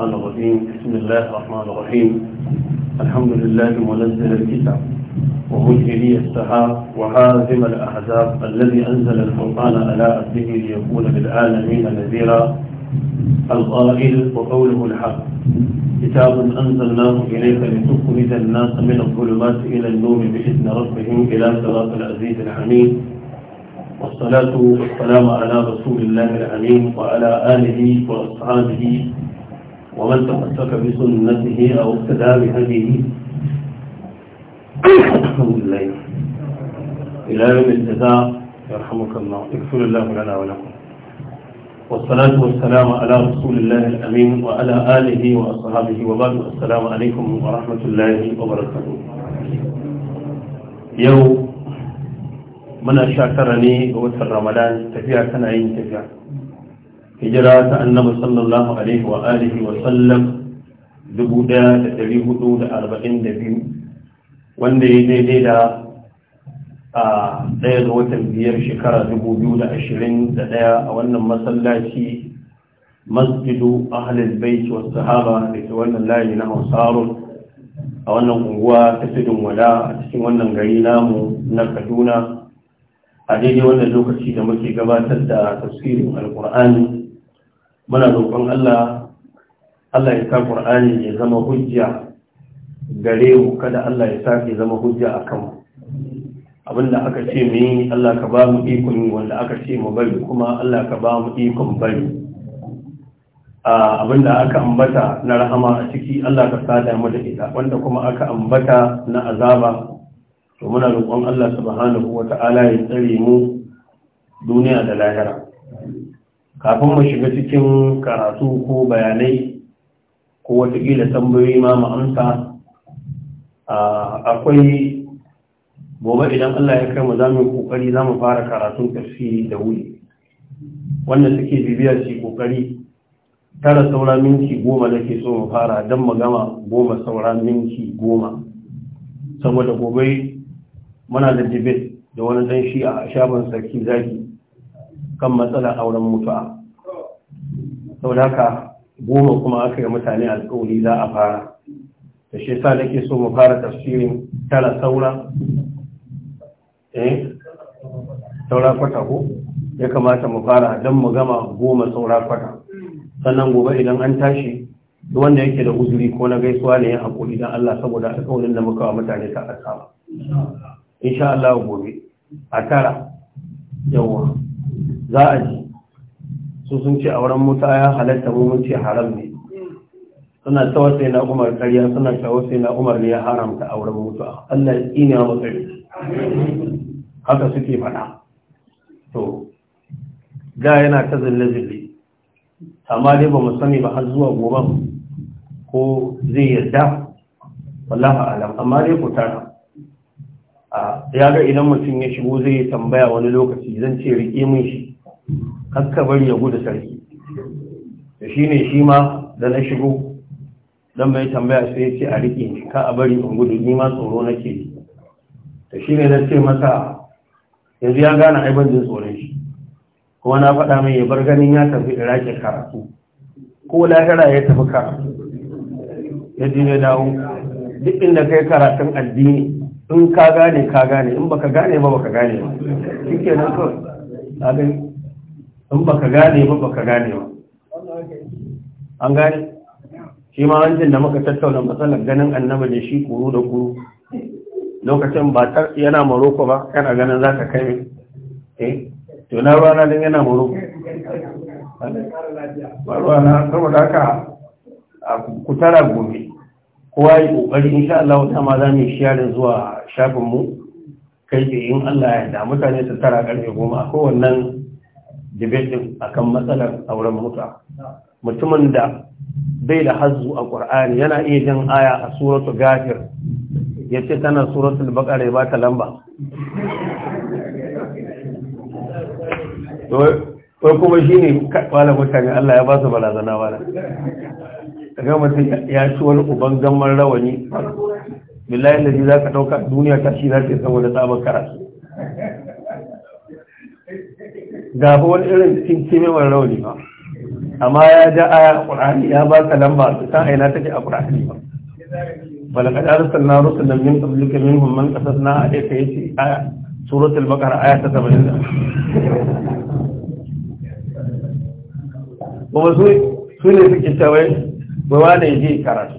الرحمن الرحيم بسم الله الرحمن الرحيم الحمد لله منزل الكتاب ومجري السحاب وهازم الأحزاب الذي أنزل الفرقان على عبده ليكون للعالمين نذيرا القائل وقوله الحق كتاب أنزلناه إليك لتخرج الناس من الظلمات إلى النور بإذن ربهم إلى صراط العزيز الحميد والصلاة والسلام على رسول الله الأمين وعلى آله وأصحابه ومن تمسك بسنته أو اقتدى بهديه الحمد لله إلى يوم الجزاء يرحمك الله يغفر الله لنا ولكم والصلاة والسلام على رسول الله الأمين وعلى آله وأصحابه وبعد السلام عليكم ورحمة الله وبركاته يوم من شاكرني قوة رمضان تفيا كان عين hijira ta annabi sallallahu alaihi wa alihi wa sallam 1442 wanda ya daidai da a ɗaya ga watan biyar shekara 2021 a wannan masallaci masjidu ahlul bait wa sahaba da ke wannan layi na hausarun a wannan unguwa ta tudun wada a cikin wannan gari namu na kaduna a daidai wannan lokaci da muke gabatar da tafsirin alkur'ani muna roƙon Allah Allah ya sa Qur'ani ya zama hujja gare mu kada Allah ya sa ya zama hujja a kanmu abinda aka ce mu yi Allah ka ba mu ikon yi wanda aka ce mu bari kuma Allah ka ba mu ikon bari abinda aka ambata na rahama a ciki Allah ka sada mu da ita wanda kuma aka ambata na azaba to muna roƙon Allah subhanahu wata'ala ya tsare mu duniya da lahira kafin mu shiga cikin karatu ko bayanai ko watakila tambayoyi ma ma'amsa akwai gobe idan Allah ya kai mu za mu kokari za mu fara karatun tafsiri da wuri wanda suke bibiya si kokari tara saura minti goma nake so mu fara don mu gama goma saura minti goma saboda gobe muna da debate da wani dan shi a shafin sarki zaki kan matsalar auren mutuwa. sau da goma kuma aka yi mutane alƙawari za a fara da shi sa nake so mu fara tafsirin tara saura eh saura kwata ko ya kamata mu fara don mu gama goma saura kwata sannan gobe idan an tashi wanda yake da uzuri ko na gaisuwa ne ya haƙuri don Allah saboda alƙawarin da muka wa mutane ta ba. insha Allah gobe a tara yawa za a ji su sun ce auren muta ya halatta mu mun ce haram ne suna ta wasu yana umar karya suna ta wasu yana umar ne ya haramta auren mutuwa allah ya tsine wa mutsari haka suke faɗa to da yana ta zille-zille amma dai ba mu sani ba har zuwa gobe ko zai yarda wallaha alam amma dai ku tara ya ga idan mutum ya shigo zai tambaya wani lokaci zan ce rike min shi kakka bari ya gudu sarki da shi ne shi ma da na shigo don bai tambaya sai ce a riƙe ka a bari in gudu ni ma tsoro nake ji da shi ne na ce masa yanzu ya gane aibin jin tsoron shi kuma na faɗa mai ya bar ganin ya tafi iraki karatu ko lahira ya tafi karatu ya ji ya dawo duk inda kai karatun addini in ka gane ka gane in baka gane ba baka gane ba shi nan kawai in baka gane ba baka gane ba an gane shi ma wancan da muka tattauna matsalar ganin annaba da shi kuru da kuru lokacin ba tar yana maroko ba kana ganin za ka kai eh to na rana din yana maroko ba rana saboda haka ku tara gobe kowa yi kokari insha Allah wata ma za mu shiyarin zuwa shafin mu kai in Allah ya da mutane su tara karfe goma a kowannan debating kan matsalar auren muta mutumin da bai da hazu a ƙur'ani yana iya jin aya a suratul gafir ya ce tana suratul baqara ba ta lamba wai kuma shi shine wala mutane Allah ya ba su barazana wala gama mutum ya ci wani uban zaman rawani billahi da za ka ɗauka duniya ta shi za ta yi saboda tsabar karatu ga wani irin cikin kimewar rauni ba amma ya ja a ƙur'ani ya ba ka lamba su san aina take a ƙur'ani ba bala da rasul na rusul da min qablika min a ɗaya ka yi ce a suratul baqara aya ta da kuma su su ne suke cewa wai ya ji karatu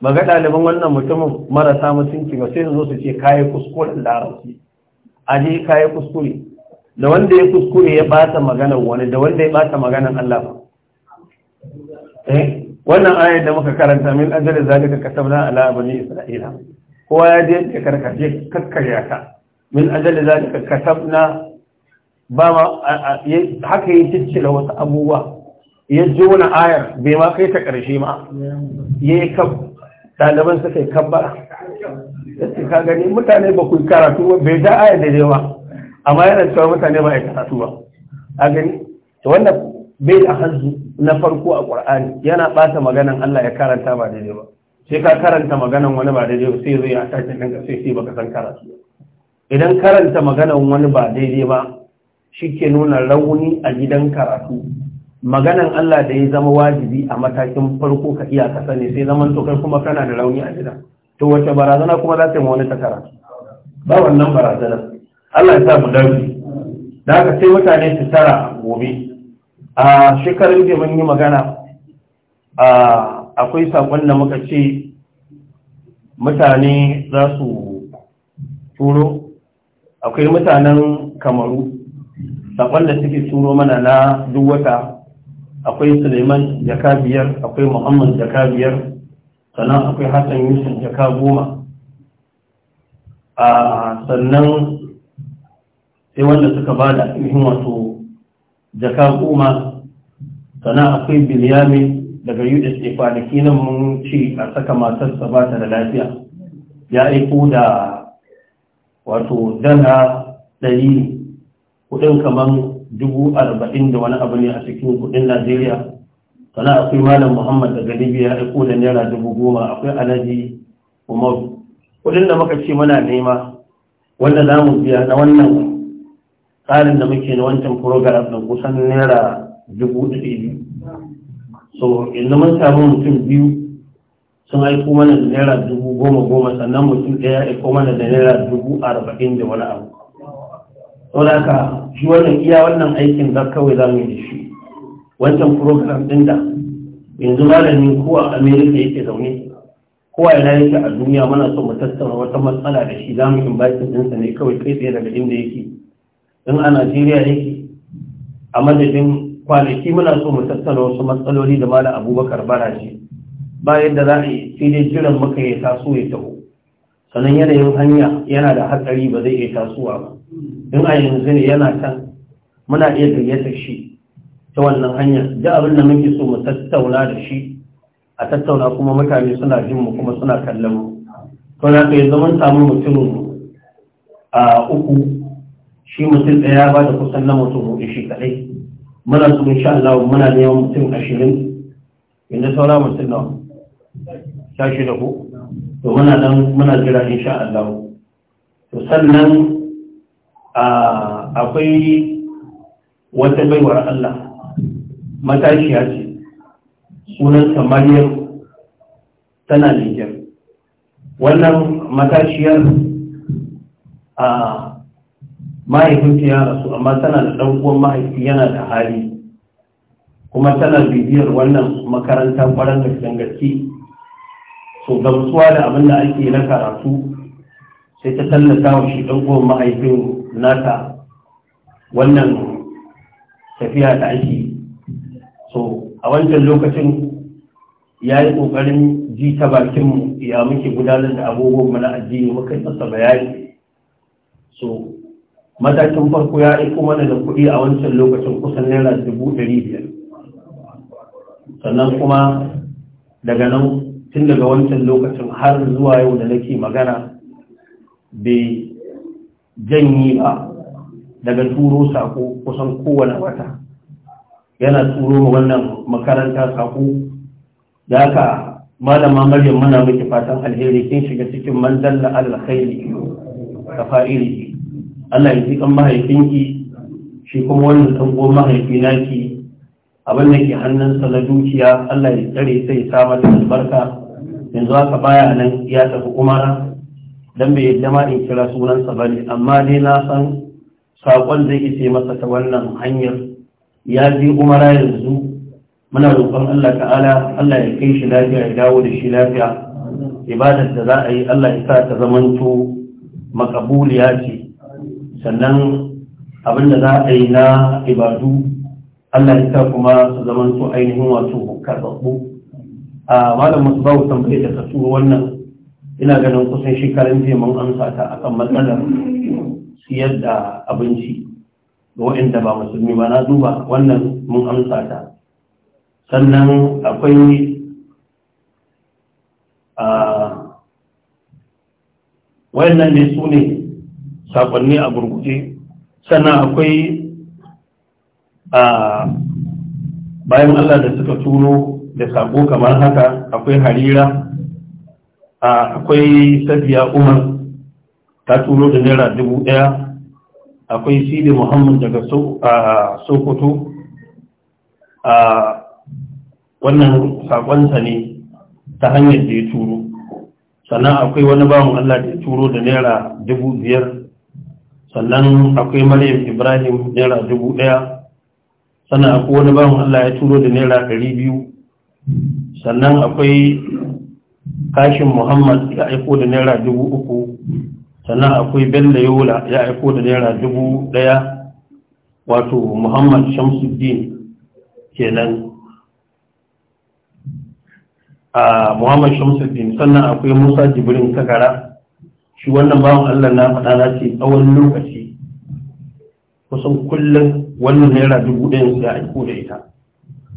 ba ga ɗaliban wannan mutumin marasa mutunci ba sai su zo su ce kayi kuskuren larabci aje kayi kuskure da wanda ya kuskure ya bata maganar wani da wanda ya bata maganar Allah ba eh wannan ayar da muka karanta min ajali zalika katabna ala bani isra'ila kowa ya je ya karkace kakkarya ka min ajali zalika katabna ba ma haka yi ciccila wasu abubuwa ya wani ayar bai ma kai ta karshe ma Ya yi kab ɗaliban suka yi kabbara ka gani mutane ba ku karatu ba bai da ayar da yawa amma yana cewa mutane ba a karatu ba a gani to wannan bai a hanzu na farko a qur'ani yana bata maganan Allah ya karanta ba daidai ba sai ka karanta maganan wani ba daidai ba sai zai a tashin ɗanka sai sai baka san karatu idan karanta maganan wani ba daidai ba shi ke nuna rauni a gidan karatu maganan Allah da ya zama wajibi a matakin farko ka iya ka sani sai zaman to kai kuma kana da rauni a gidan to wace barazana kuma za ta yi wani ta karatu ba wannan barazana Allah ya sa mu da aka sai mutane su tara gobe a shekarun da mun yi magana a akwai sakon da muka ce mutane za su turo akwai mutanen kamaru sakon da suke turo mana na duk wata akwai suleiman jaka biyar akwai muhammad jaka biyar sannan akwai hassan yusuf jaka goma sannan sai wanda suka ba da ainihin wato jaka goma sana akwai biliyami daga usa kwanaki nan mun ci a saka matarsa ba ta da lafiya ya aiko da wato dana ɗari kudin kamar dubu arba'in da wani abu ne a cikin kudin najeriya sana akwai malam muhammad daga libya ya aiko da naira dubu goma akwai alaji umar kudin da muka ce mana nema wanda za mu biya na wannan tsarin da muke na wancan program da kusan naira dubu ɗari biyu so inda mun samu mutum biyu sun aiko mana da naira dubu goma goma sannan mutum ɗaya aiko mana da naira dubu arba'in da wani abu sau da haka shi wannan iya wannan aikin za kawai za mu yi da shi wancan program ɗin da yanzu malamin ko a amerika yake zaune ko a yana yake a duniya mana so mu tattauna wata matsala da shi za mu in bakin ɗinsa ne kawai kai tsaye daga inda yake in a najeriya yake a madadin kwanaki muna so mu tattara wasu matsaloli da malam abubakar bara ce ba yadda za a yi dai jiran maka ya taso ya taho sannan yanayin hanya yana da hatsari ba zai iya tasowa ba in a yanzu ne yana kan muna iya gayyatar shi ta wannan hanya da abin da muke so mu tattauna da shi a tattauna kuma mutane suna jin mu kuma suna kallon mu to na ka yanzu mun samu mutumin a uku shi mutum ɗaya ya ba da kusan na mutum hudu shi kaɗai muna so insha Allah muna neman mutum ashirin inda saura mutum nawa sha shi da ku to muna nan muna jira insha Allah to sannan akwai wata baiwar Allah matashiya ce sunan samariyar tana nijar wannan matashiyar a mahaifinta ya rasu amma tana da ɗan uwan mahaifi yana da hali kuma tana bibiyar wannan makaranta ƙwarar da gaske so gamsuwa da abin da ake na karatu sai ta tallata wa shi ɗan uwan mahaifin nata wannan tafiya da ake so a wancan lokacin ya yi ƙoƙarin ji ta bakinmu ya muke gudanar da abubuwan mana addini muka yi masa bayani so matakin farko ya aiko mana da kuɗi a wancan lokacin kusan naira dubu ɗari biyar sannan kuma daga nan tun daga wancan lokacin har zuwa yau da nake magana bai janyi ba daga turo sako kusan kowane wata yana turo wannan makaranta sako da haka malama maryam muna miki fatan alheri kin shiga cikin manzalla alkhairi ka fa'ili Allah ya ji kan mahaifinki shi kuma wannan tango na ki abin da ke hannunsa na dukiya Allah ya tsare sai ya samar da albarka yanzu haka baya nan ya tafi umara dan bai yadda ma in kira sunansa bane amma dai na san saƙon zai ise masa ta wannan hanyar ya ji umara yanzu muna roƙon Allah ta'ala Allah ya kai shi lafiya ya dawo da shi lafiya ibadar da za a yi Allah ya sa ta zamanto makabuliya ce sannan abinda za a yi na ibadu Allah ya sa kuma su zaman su ainihin wato karɓaɓɓu a malam musu ku tambaye da kasu wannan ina ganin kusan shekarun jiya mun amsa ta a kan matsalar siyar da abinci ga waɗanda ba musulmi ba na duba wannan mun amsa ta sannan akwai a wayannan ne su ne sakonni a gurguje sannan akwai a bayan Allah da suka turo da sako kamar haka akwai harira akwai safiya umar ta turo da naira dubu ɗaya akwai sidi muhammad daga sokoto a wannan sakonsa ne ta hanyar da ya turo sannan akwai wani bawan Allah da ya turo da naira dubu biyar sannan akwai maryam ibrahim naira dubu ɗaya sannan akwai wani bawan allah ya turo da naira ɗari biyu sannan akwai kashin muhammad ya aiko da naira dubu uku sannan akwai bello yola ya aiko da naira dubu ɗaya wato muhammad shamsuddin kenan a ah, muhammad shamsuddin sannan akwai musa jibrin kakara shi wannan bawan Allah na faɗa na ce tsawon lokaci kusan kullum wannan naira dubu ɗaya sai aiko da ita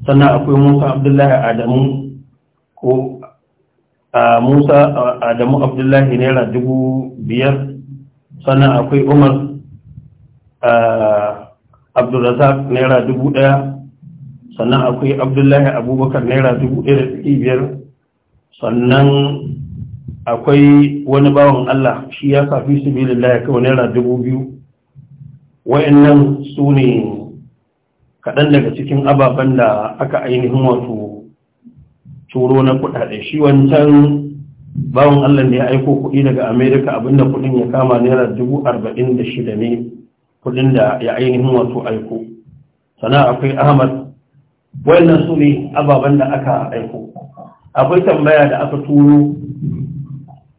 sannan akwai musa abdullahi adamu ko a musa adamu abdullahi naira dubu biyar sannan akwai umar abdulrazak naira dubu ɗaya sannan akwai abdullahi abubakar naira dubu ɗaya da biyar sannan akwai wani bawan Allah shi ya safi su bilin ya kawo naira dubu biyu wa'annan su ne kaɗan daga cikin ababen da aka ainihin wato turo na kuɗaɗe shi wancan bawan Allah ne ya aiko kuɗi daga Amerika abinda kuɗin ya kama naira dubu arba'in da shida ne kuɗin da ya ainihin wato aiko sana akwai Ahmad wa'annan su ne ababen da aka aiko akwai tambaya da aka turo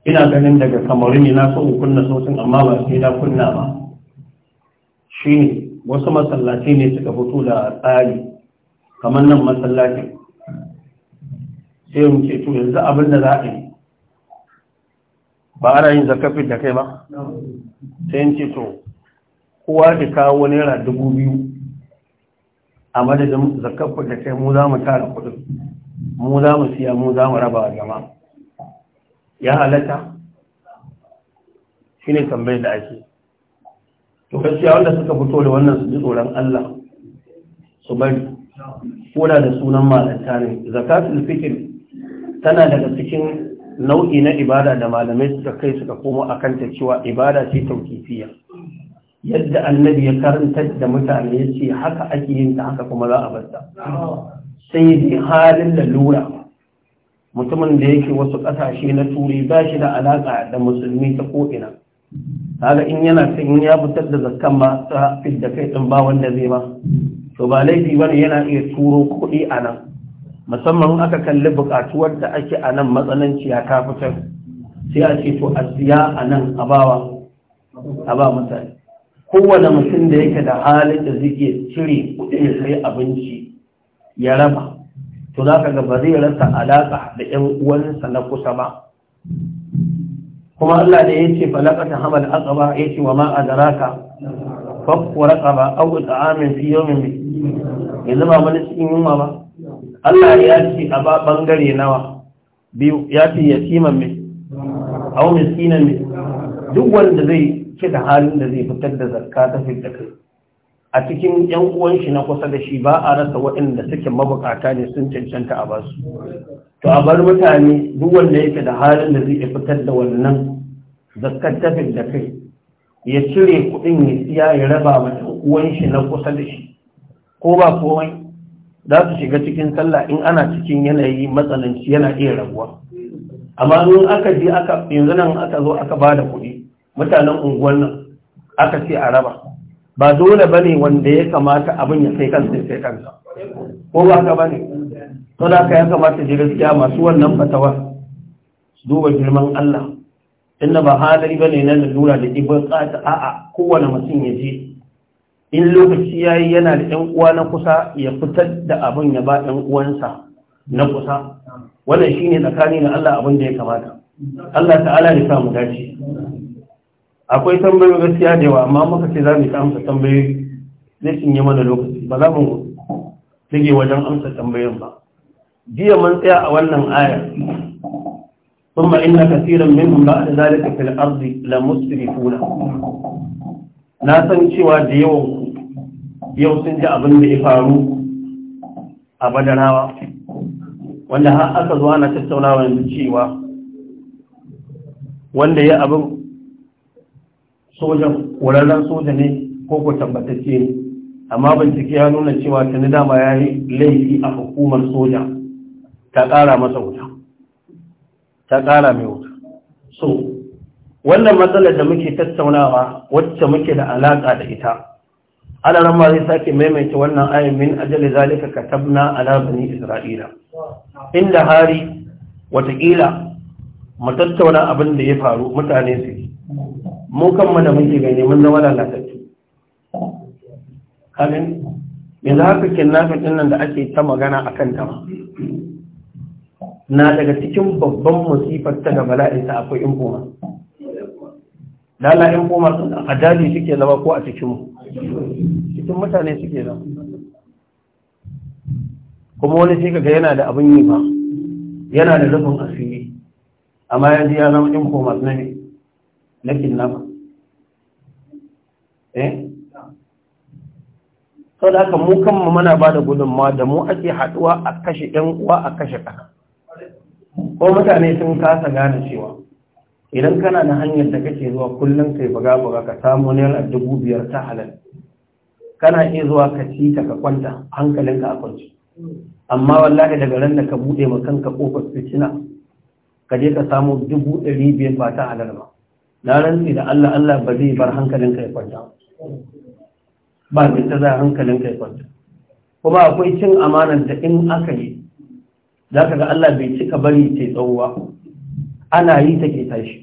ina ganin daga kamarin ne na so in kunna sosin amma ba sai na kunna ba shi ne wasu masallaci ne suka fito da tsari kamar nan masallaci sai mu ce to yanzu abin da za a yi ba ana yin zakafi da kai ba sai in ce to kowa da kawo naira dubu biyu a madadin zakafi da kai mu za mu tara kudin mu za mu siya mu za mu raba jama'a ya halatta shi ne tambayar da ake to gaskiya wanda suka fito da wannan su ji tsoron Allah su bari kuna da sunan malanta ne zakatul Fikir tana daga cikin nau'i na ibada da malamai suka kai suka komo akan ta cewa ibada ce tauqifiya yadda annabi ya karanta da mutane ya ce haka ake yin ta haka kuma za a bar ta sai halin lalura mutumin da yake wasu ƙasashe na turai ba shi da alaƙa da musulmi ta ko'ina haka in yana in ya fitar da zakan ma ta fidda kai ɗin ba wanda zai ba to ba laifi ba ne yana iya turo kuɗi a nan musamman aka kalli buƙatuwar da ake a nan matsananciya ta fitar sai a ce to a siya a nan a bawa a ba mutane kowane mutum da yake da halin da zai iya cire kuɗi sai abinci ya raba to za ka gaba zai rasa alaƙa da ‘yan uwansa na kusa ba kuma Allah da ya ce falakata hamal ba ya ce wa ma a adraka ba raqaba ta ta'amin fi yawmin bi yanzu ba mun cikin yunwa ba Allah ya ce a ba bangare nawa biyu ya ce ya yatiman mai aw miskinan mai duk wanda zai cika halin da zai fitar da zakka ta fi da kai a cikin yan uwan shi na kusa da shi ba a rasa waɗanda suke mabukata ne sun cancanta a basu to a bar mutane duk wanda yake da halin da zai fitar da wannan zakkar da kai ya cire kuɗin ya siya ya raba ma uwan shi na kusa da shi ko ba komai za su shiga cikin sallah in ana cikin yanayi matsananci yana iya rabuwa amma in aka je aka yanzu nan aka zo aka ba da kuɗi mutanen unguwar nan aka ce a raba ba dole bane wanda ya kamata abin ya kai kansa sai kansa ko ba ka bane to da ya kamata ji gaskiya masu wannan fatawa duba girman Allah inda ba hadari bane na lura da ibn qata a'a kowane mutum ya je. in lokaci yayi yana da ɗan uwa na kusa ya fitar da abin ya ba ɗan uwansa na kusa wannan shine tsakani da Allah abin da ya kamata Allah ta'ala ya samu dace akwai tambayoyi gaskiya da yawa amma muka ce za mu ta amsa tambayoyi zai cinye mana lokaci ba za mu rage wajen amsa tambayoyin ba jiya mun tsaya a wannan aya da zalika fil ardi la musrifuna na san cewa da yawan ku yau sun ji abin da ya faru a badarawa wanda har aka zuwa na tattaunawa yanzu cewa wanda ya abin sojan ƙwararren soja ne ko ko tabbatacce ne amma bincike ya nuna cewa tuni dama ya yi laifi a hukumar soja ta ƙara masa wuta ta ƙara mai wuta so wannan matsalar da muke tattaunawa wacce muke da alaƙa da ita ana nan ma zai sake maimaita wannan ayin min ajali zalika katabna ala bani isra'ila inda hari wataƙila mu tattauna abin da ya faru mutane su mu kan mana muke gani mun zama lalatacce. kamin yanzu haka kin din nan da ake ta magana a kan ma na daga cikin babban musifar ta da bala'i ta akwai infoma lala infoma a daji suke zama ko a cikin mu cikin mutane suke zama kuma wani sai kaga yana da abin yi ba yana da rufin asiri amma yanzu ya zama infoma na ne na kidnapper Eh? sau da aka mu mana ba da gudunmawa da mu ake haɗuwa a kashe ‘yan uwa a kashe ƙasa ko mutane sun kasa gane cewa idan kana da hanyar da kake zuwa kullum kai buga buga ka samu naira dubu biyar ta halal kana iya zuwa ka ci ta ka kwanta hankalinka a kwanci amma wallahi daga ran da ka buɗe ma kanka ƙofar fitina ka je ka samu dubu ɗari biyar ba ta halal ba na ran da Allah Allah ba zai bar hankalinka ya kwanta ba mai ta za hankalin kai kwanta kuma akwai cin amanar da in aka yi za ka ga Allah bai cika bari ce tsawuwa ana yi ta ke tashi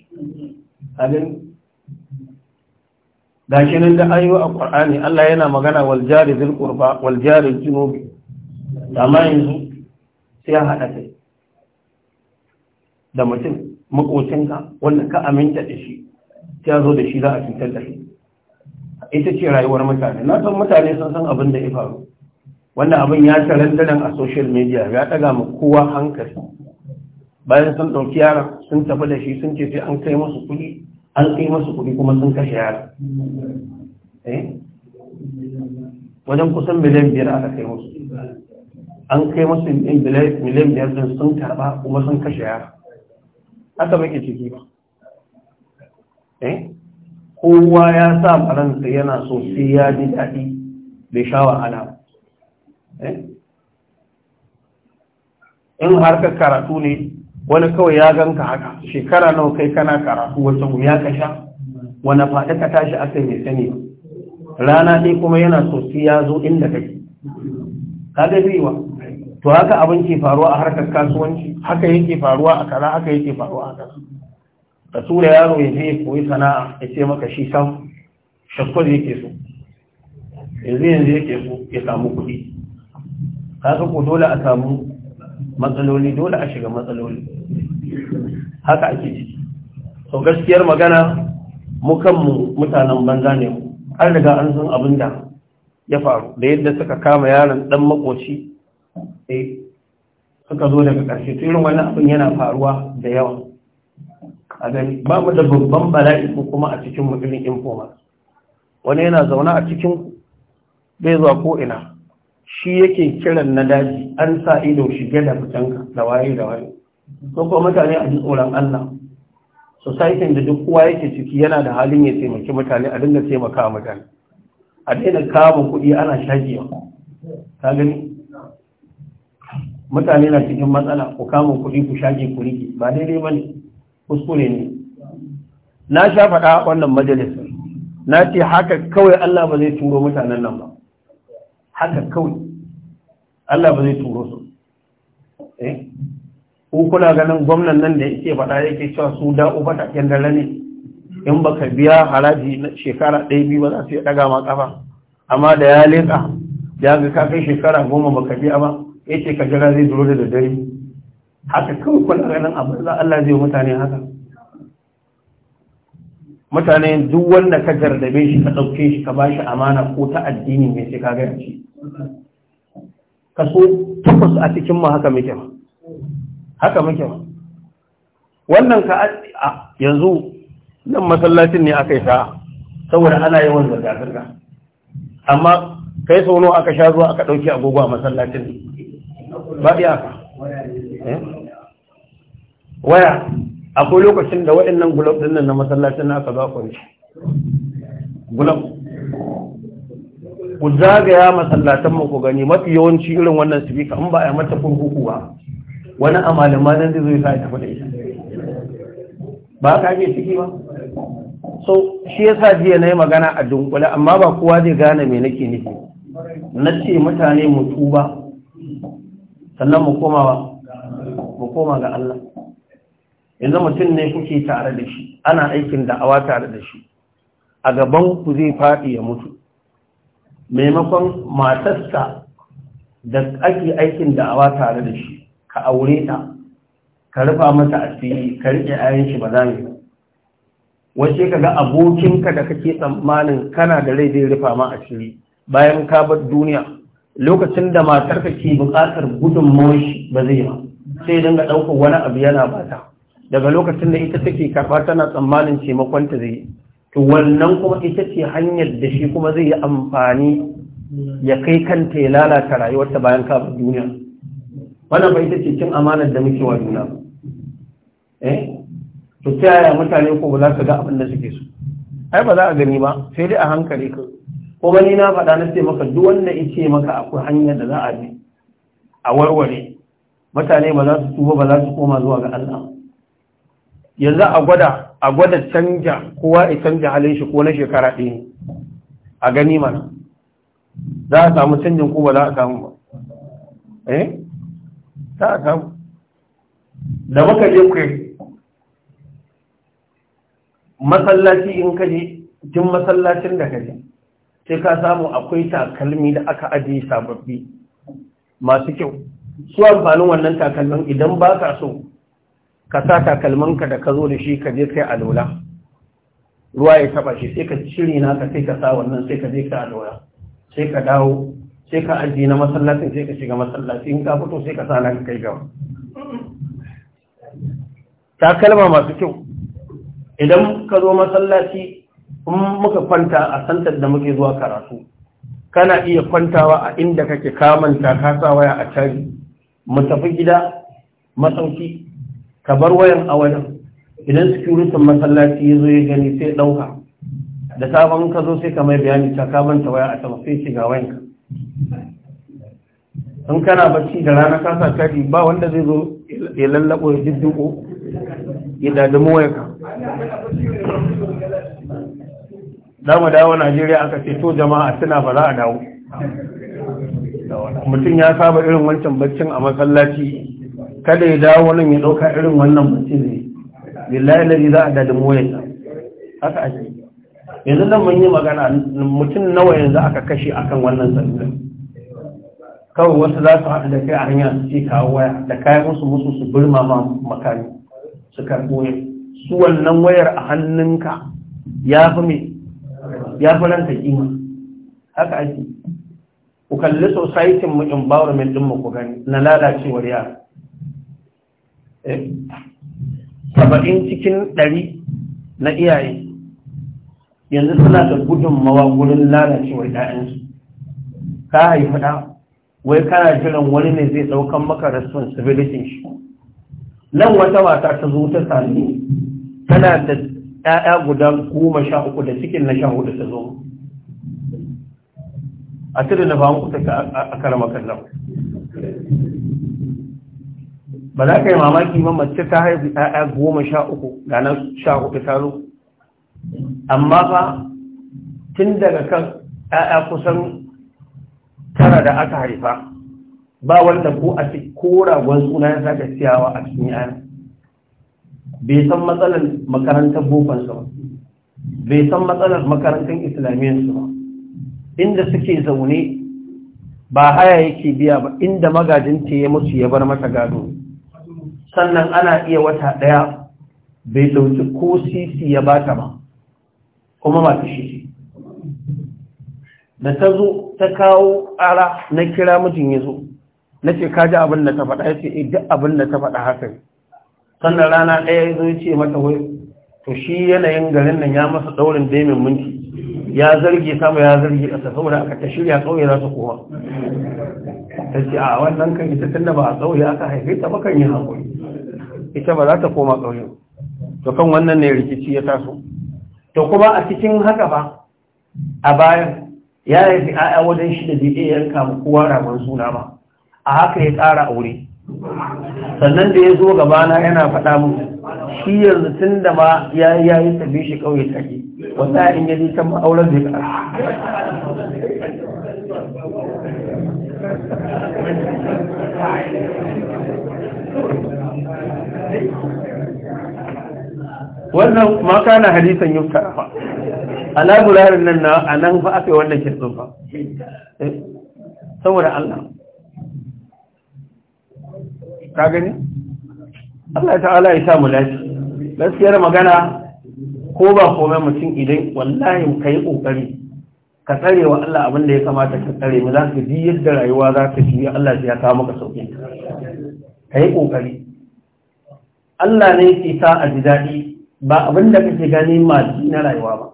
abin shi nan da ayo a ƙwar'ani Allah yana magana waljari zirkurba waljari junubi amma yanzu sai ya haɗa kai da mutum makocinka wanda ka aminta da shi ya zo da shi za a cutar da shi ita ce rayuwar mutane na san mutane sun san abin da ya faru wannan abin ya tarandaran a social media ya daga mu kowa hankali bayan sun ɗauki yaran sun tafi da shi sun ce sai an kai masu kuɗi an kai masu kuɗi kuma sun kashe yara eh? wajen kusan miliyan biyar aka kai musu an kai masu miliyan biyar din sun karɓa kuma sun kashe yara aka muke ciki ba eh kowa ya sa faransa yana so sai ya ji daɗi bai sha wahala eh? in harkar karatu ne wani kawai ya ganka haka shekara nawa kai kana karatu wata ya kasha sha wani faɗi ka tashi aka mai sani rana ɗaya kuma yana so sai ya zo inda kake ka ga biyuwa to haka abin ke faruwa a harkar kasuwanci haka yake faruwa a kaza haka yake faruwa a kaza ka tura yaro ya je koyi sana'a ya ce maka shi sam shakwar yake so yanzu yanzu yake so ya samu kuɗi kaga ko dole a samu matsaloli dole a shiga matsaloli haka ake ciki sau gaskiyar magana mu kanmu mutanen banza ne mu. an riga an san abin da ya faru da yadda suka kama yaron dan makoci eh, suka zo daga ƙarshe turin wani abin yana faruwa da yawa a gani ba mu da babban bala'i ko kuma a cikin mu irin informal wani yana zauna a cikin bai zuwa ko ina shi yake kiran na daji an sa ido shige da fitanka da waye da waye ko kuma mutane a ji tsoron Allah society da duk kowa yake ciki yana da halin ya taimaki mutane a dinga taimaka mutane a daina kama kuɗi ana shagiya ka gani mutane na cikin matsala ku kama kuɗi ku shage ku rike ba daidai ba ne kuskure ne na sha faɗa wannan majalis na ce haka kawai Allah ba zai turo mutanen nan ba haka kawai Allah ba zai turo su eh ko kuna ganin gwamnan nan da yake faɗa yake cewa su da'u ba ta dare ne in baka biya haraji na shekara ɗaya biyu ba za su yi ɗaga ma ƙafa amma da ya leƙa ya ga ka kai shekara goma baka biya ba yace ka jira zai duro da dare haka kan kuna ganin abu. da Allah zai mutane haka mutane duk wanda ka jardabe shi ka ɗauke shi ka ba shi amana ko ta addini mai sai ka gaya shi kaso takwas a cikin mu haka muke ba haka muke ba wannan ka yanzu nan masallacin ne aka yi sa'a saboda ana yawan zirga-zirga amma kai sau aka sha zuwa aka ɗauki agogo a masallacin ba iyaka Eh? waya akwai lokacin da waɗannan gulab ɗin nan na masallacin na aka ba ku ne gulab ku zagaya masallatan mu ku gani mafi yawanci irin wannan sifika in ba a yi mata kurkuku ba wani amalin ma zai zai sa ta da ita ba ka ke ciki ba so shi sa jiya na yi magana a dunkule amma ba kowa zai gane me nake nufi na ce mutane mu tuba sannan mu koma mu koma ga Allah yanzu mutum ne kuke tare da shi ana aikin da'awa tare da shi a gaban ku zai faɗi ya mutu maimakon matarsa da ake aikin da'awa tare da shi ka aure ta ka rufa mata asiri ka riƙe ayan shi ba za mu wace ka ga abokinka da kake tsammanin kana da rai zai rufa ma asiri bayan ka bar duniya lokacin da matarka ke buƙatar gudunmawar shi ba zai yi ba sai ga ɗaukar wani abu yana bata daga lokacin da ita take karɓa tana tsammanin taimakonta zai to wannan kuma ita ce hanyar da shi kuma zai yi amfani ya kai kanta ya lalata rayuwarta bayan kafa duniya wannan ba ita ce cin amanar da muke wa juna eh to ta yaya mutane ko ba za su ga abin da suke so ai ba za a gani ba sai dai a hankali ka ko ni na faɗa na ce maka duk wanda ya ce maka akwai hanyar da za a bi a warware mutane ba za su tuba ba za su koma zuwa ga Allah yanzu a gwada a gwada canja kowa ya canja halin shi ko na shekara ɗaya a gani mana za a samu canjin ko ba za a samu ba eh za a samu da muka je ku masallaci in ka je jin masallacin da ka je sai ka samu akwai takalmi da aka ajiye sababbi masu kyau su amfanin wannan takalman idan ba ka so ka sa ka da ka zo da shi ka je kai lola ruwa ya taba shi sai ka shiri na ka sai ka sa wannan sai ka je ka lola sai ka dawo sai ka ajiye na masallacin sai ka shiga masallaci in ka fito sai ka sa na ka kai gaba takalma masu kyau idan ka zo masallaci in muka kwanta a santar da muke zuwa karatu kana iya kwantawa a inda kake kamanta ka sa waya a caji. mu tafi gida masauki ka bar wayan a wajen idan security masallaci ya zo ya gani sai ɗauka da sabon ka zo sai ka mai bayani ta ka manta waya a sama sai shiga wayanka in kana bacci da rana ka sa kari ba wanda zai zo ya lallabo ya jidduko ya dadamu wayanka za mu dawo najeriya aka ce jama'a suna ba za a dawo mutum ya saba irin wancan baccin a masallaci kada ya dawo nan ya ɗauka irin wannan baccin ne lillahi lalli za a dadi moyan haka a ake yanzu nan mun yi magana mutum nawa yanzu aka kashe akan wannan sabbin kawai wasu za su haɗu da kai a hanya su ce kawo waya da kayan wasu musu su birma ma makami su karɓo su wannan wayar a hannunka ya fi mai ya fi ranta kima haka ake ku kalli society mu environment din mu ku gani na lalacewar yara eh, saba'in cikin ɗari na iyaye yanzu suna da gudun gurin lalacewar ‘ya'yansu ka haifi ɗa wai kana jiran wani ne zai ɗaukan maka responsibility shi nan wata mata ta zo ta sami tana da ‘ya'ya guda goma sha uku da cikin na sha hudu ta zo a cire da famu kusa a karama kallon ba za ka yi mamaki ma mace ta haifu ɗaya goma sha uku da nan sha hudu taro amma fa tun daga kan ɗaya kusan tara da aka haifa ba wanda ko a ce ko ragon suna ya sake siyawa a cikin yana bai san matsalar makarantar bofansa ba bai san matsalar makarantar islamiyyarsa ba inda suke zaune ba haya yake biya ba inda magajinta ya mutu ya bar mata gado sannan ana iya wata ɗaya bai ɗauki ko sisi ya ba ta ba kuma masu shi da ta zo ta kawo ƙara na kira mijin ya zo na ce kaji abin da ta faɗa ya ce eh, duk abin da ta faɗa haka sannan rana ɗaya ya zo ya ce mata wai to shi yanayin garin nan ya masa ɗaurin daimin minti ya zarge sama ya zarge ƙasa saboda aka ta shirya ƙauye za su kowa ta ce a wannan kan ita tun da ba a tsauye aka haife ta bakan yi haƙuri ita ba za ta koma ƙauye to kan wannan ne rikici ya taso to kuma a cikin haka ba a bayan ya haifi aya wajen shi da bai iya yanka ma kowa ragon suna ba a haka ya ƙara aure sannan da ya zo gabana yana faɗa mu shi yanzu tun da ma ya yi tafi shi ƙauye take wata in ma'aurar ƙara wannan ma kana hadisan yufta fa ala nan na nan fa aka yi wannan kirtsin fa eh, saboda Allah ka gani Allah ta'ala ya sa mu lafi gaskiyar magana ko ba komai mutum idan wallahi ka yi ƙoƙari ka tsare wa Allah abin da ya kamata ka tsare mu za ka ji yadda rayuwa za ka ji Allah ya kawo maka sauƙi ka yi ƙoƙari Allah ne ke sa a ji daɗi ba abin da kake gani masu na rayuwa ba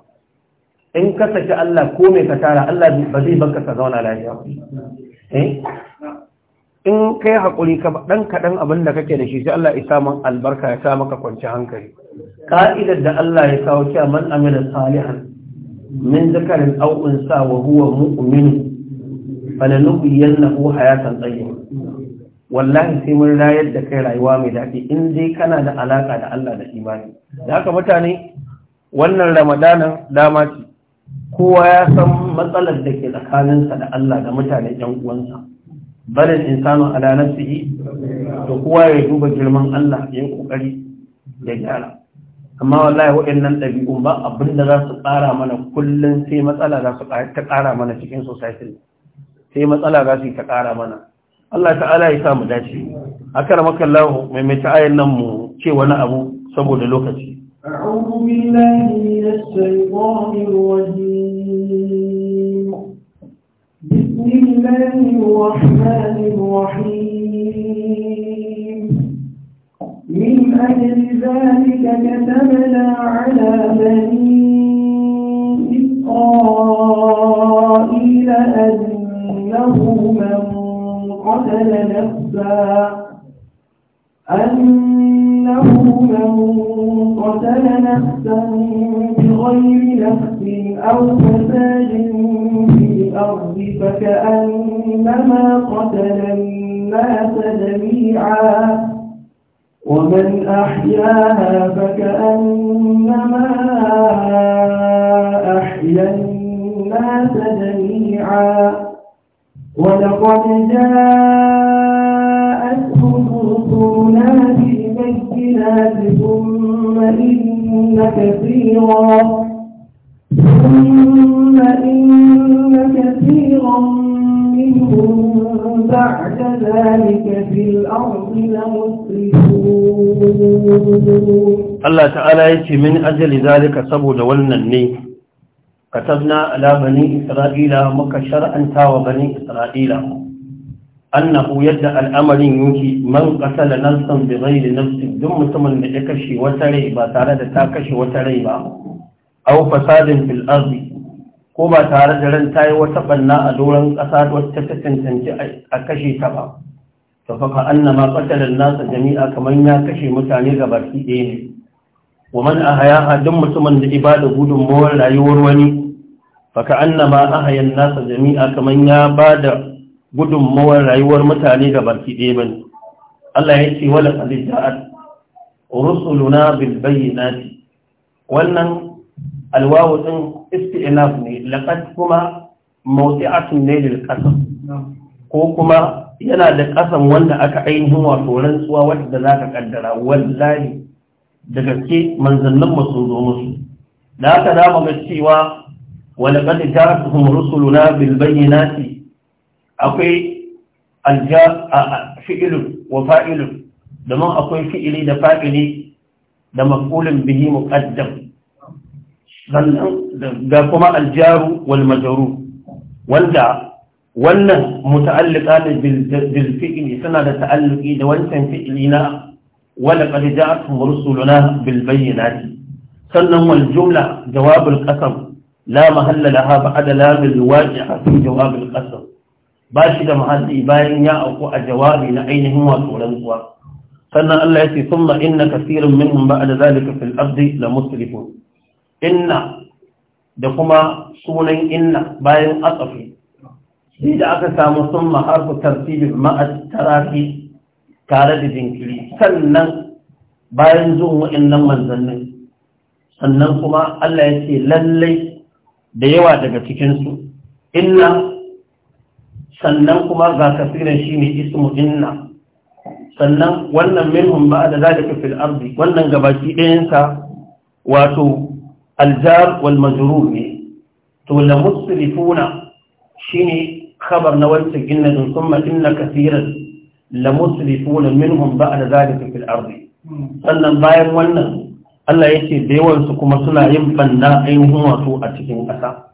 in ka saki Allah ko mai ka tara Allah ba zai baka ka zauna lafiya eh in kai haƙuri ka ɗan kaɗan abin da kake da shi sai Allah ya samun albarka ya sa maka kwanci hankali ka'idar da Allah ya kawo cewa man amila salihan min zakarin aw unsa wa huwa mu'min falanuhyiyannahu hayatan tayyiba wallahi sai mun rayar da kai rayuwa mai daɗi in dai kana da alaka da Allah da imani da haka mutane wannan ramadanan dama ce kowa ya san matsalar da ke tsakaninsa da Allah da mutane 'yan uwansa balin insanu ala nafsihi to kowa ya duba girman Allah ya kokari da gyara amma wallahi waɗannan ɗabi'un ba abin da za su ƙara mana kullum sai matsala za su ta ƙara mana cikin society sai matsala za su yi ta ƙara mana Allah ta'ala ya samu dace akara Allah mai mai ayin nan mu ce wani abu saboda lokaci أعوذ بالله من الشيطان الرجيم الله الرحمن الرحيم من أجل ذلك كتبنا على بني إسرائيل أنه من قتل نفسا أنه من قتل نفسا بغير نفس أو فساد في الأرض فكأنما قتل الناس جميعا ومن أحياها فكأنما أحيا الناس جميعا ولقد جاءتهم في بالبينات ثم إن كثيرا ثم إن كثيرا منهم بعد ذلك في الأرض لمسرفون الله تعالى يأتي من أجل ذلك سبو دولنا النيل كتبنا على بني إسرائيل مكشر أنت وبني إسرائيل annahu yadda al'amarin yake man qasala nafsan bi ghairi nafsi duk mutumin da ya kashe wata rai ba tare da ta kashe wata rai ba aw fasadin fil ardi ko ba tare da ran tayi wata banna a doron ƙasa wacce ta tantance a kashe ta ba to fa ka annama qatala nasa jami'a kamar ya kashe mutane gabaki ɗaya ne wa man ahyaha duk mutumin da ibada gudunmawar rayuwar wani fa ka annama ahya nasa jami'a kamar ya bada gudunmawar rayuwar mutane ga barki ɗaya ba Allah ya ce wala ƙadida'ad rusuluna bil nati. wannan alwawu din isti'naf ne laqad kuma mawdi'atun ne lil qasam ko kuma yana da ƙasan wanda aka ainihin wato rantsuwa wadda za ka ƙaddara, wallahi da gaske manzannin masu zo musu da aka dama ga cewa wani ƙasa ta rasu rusuluna bilbayyana nati. akwai alja a fi'ilun wa fa'ilun domin akwai fi'ili da fa'ili da maqulun bihi muqaddam sannan ga kuma aljaru wal majaru. wanda wannan muta'alliqa da bil fi'ili suna da ta'alluqi da wancan fi'ili na wala qad ja'atuhum rusuluna bil bayyinati sannan wal jumla jawabul qasam la mahalla laha ba'da la bil waji'a fi jawabul qasam ba shi da mahaddi bayan ya auku a jawabi na ainihin wato rantsuwa sannan Allah ya ce thumma inna kaseeran minhum ba'da zalika fil ardi la musrifun inna da kuma sunan inna bayan asafi shi da aka samu thumma harfu tartibi ma'a tarafi tare da jinkiri sannan bayan zuwan wa'annan manzannin sannan kuma Allah ya ce lallai da yawa daga cikinsu inna sannan kuma ga kafiran ne ismu inna sannan wannan minhum ba da za zalika fil arzi, wannan gabaki ɗayan sa wato aljar wal majrur ne to la musrifuna ne khabar na wancan inna din kuma inna kafiran la musrifuna minhum ba da za zalika fil arzi, sannan bayan wannan Allah yake da yawansu kuma suna yin banna ainihin wato a cikin ƙasa